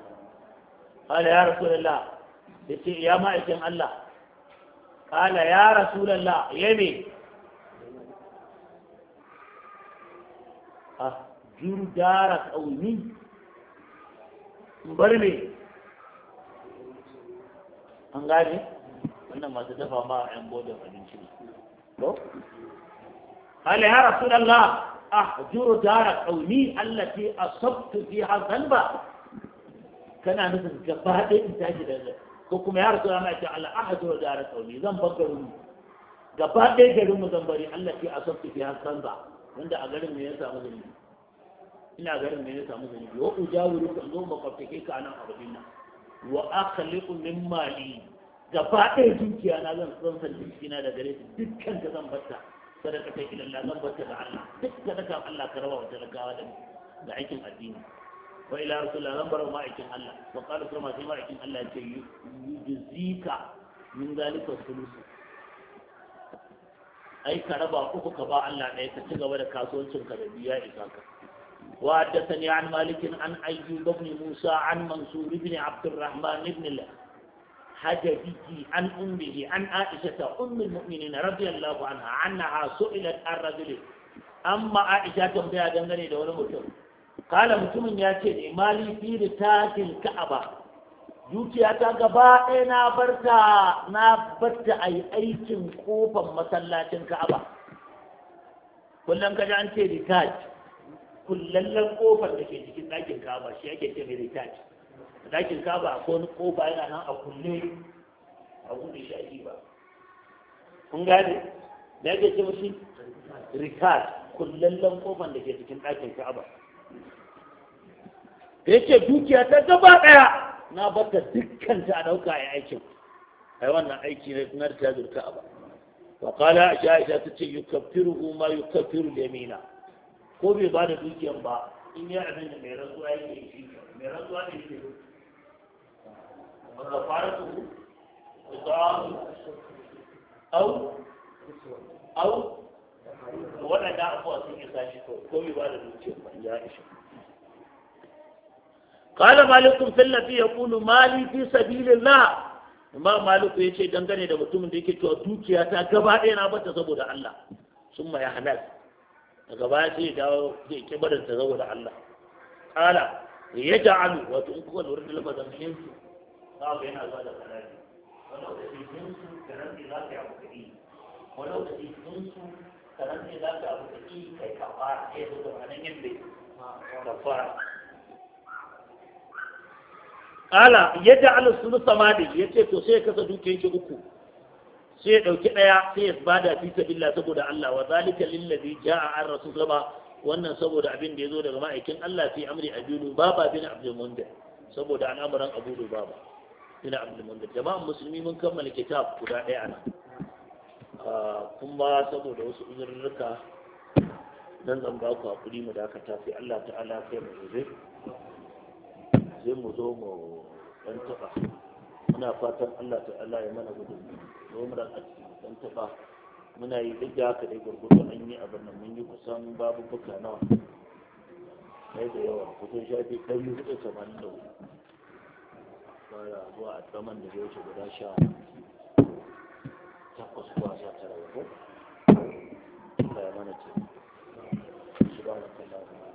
kala ya rasulullah ya ce ya ma'aikin Allah kala ya rasulallah ya me a ah, jurdara ƙauni bar me an gane wannan masu dafa ma a yan bodon abinci ne ko kala ya rasulallah ahjuru dara qaumi allati asabtu fiha zalba kana nufin gaba ko kuma ya rasu ana ce Allah ahadu wa dara kauni zan bar garin mu gaba ɗaya garin mu zan bari Allah ke asabtu fi hasanza wanda a garin mu ya samu zunubi ina garin mu ya samu zunubi wa ujawiru kan zo ke ka nan a abin nan wa akhliqu min mali gaba ɗaya dukiya na zan san san dukiya da gare ta dukkan ka zan batta sadaka ta ila Allah zan batta da Allah duk sadaka Allah ka raba wa talakawa da ga aikin addini wa ila rasulullah Allah, bar ma'aikin Allah wa qala sallama sai ma'aikin Allah ce yujzika min zalika sulusu ai ka raba uku ka ba Allah ɗaya ka ci gaba da kasuwancin ka da biya isa ka wa haddathani an malikin an ayyub ibn musa an mansur ibn abd الرحمن عن أمه عن عائشة أم المؤمنين رضي الله عنها عنها سئلت الرجل أما عائشة تنبيها دنغني دولة مجرد kala mutumin ya ce ne eh, mali fi da takin ka'aba dukiya ta gaba ɗaya na barta na barta a yi aikin kofan masallacin ka'aba kullum ka an ce ritaj kullallen kofar da ke cikin ɗakin ka'aba shi yake ce mai ritaj ɗakin ka'aba ko wani kofa yana nan a kulle a buɗe shi ake ba kun gane da yake ce mashi ritaj kullallen kofar da ke cikin ɗakin ka'aba da yake dukiya ta gaba ɗaya na bata dukkan ta ɗauka ya aikin ai wannan aiki ne na ta zurka ba wa qala aisha ta ce yukaffiruhu ma yukaffiru yamina ko bai ba da dukiyan ba in ya abin da mai rantsuwa yake shi mai rantsuwa ne shi wanda fara su au au au da abuwa sun yi sashi ko bai ba da dukiyan ba ya aisha qala malikun sallafi yaqulu mali fi sabilillah amma malik ya ce dangane da mutumin da yake cewa dukiya ta gaba ɗaya na bata saboda Allah sun ma ya halal daga baya sai ya dawo zai ki barin ta saboda Allah qala ya ja'alu wato in kuka lura da lafazin hinsu za ku yana zuwa da kalali walau da hinsu karan ne za ka yi abu kaɗi walau da hinsu karan ne za ka yi abu kaɗi kai kafara sai ya zo da ranar yin bai kafara ala ya ja'ala sama da ya ce to sai ya kasa dukiyar ke uku sai ya ɗauki ɗaya sai ya ba da fita sabilillah saboda Allah wa zalika lillazi ja'a an rasul sallama wannan saboda abin da ya zo daga ma'aikin Allah fi amri abinu baba bin abdul mundir saboda al'amuran abu da baba bin abdul mundir jama'an musulmi mun kammala kitab guda ɗaya nan ah, kuma saboda wasu uzurruka dan zan ba ku hakuri mu dakata sai Allah ta'ala sai mu zai sai mu zo mu dan taba muna fatan Allah ta'ala ya mana gudun lomar a cikin dan taba muna yi duk da haka dai gurgudu an yi abin nan mun yi kusan babu buka nawa sai da yawa kusan shafi ɗari hudu tamanin da hudu fara zuwa a tsaman da zai wuce guda sha takwas zuwa sha tara ko? Allah ya mana ce. Subhanahu wa ta'ala.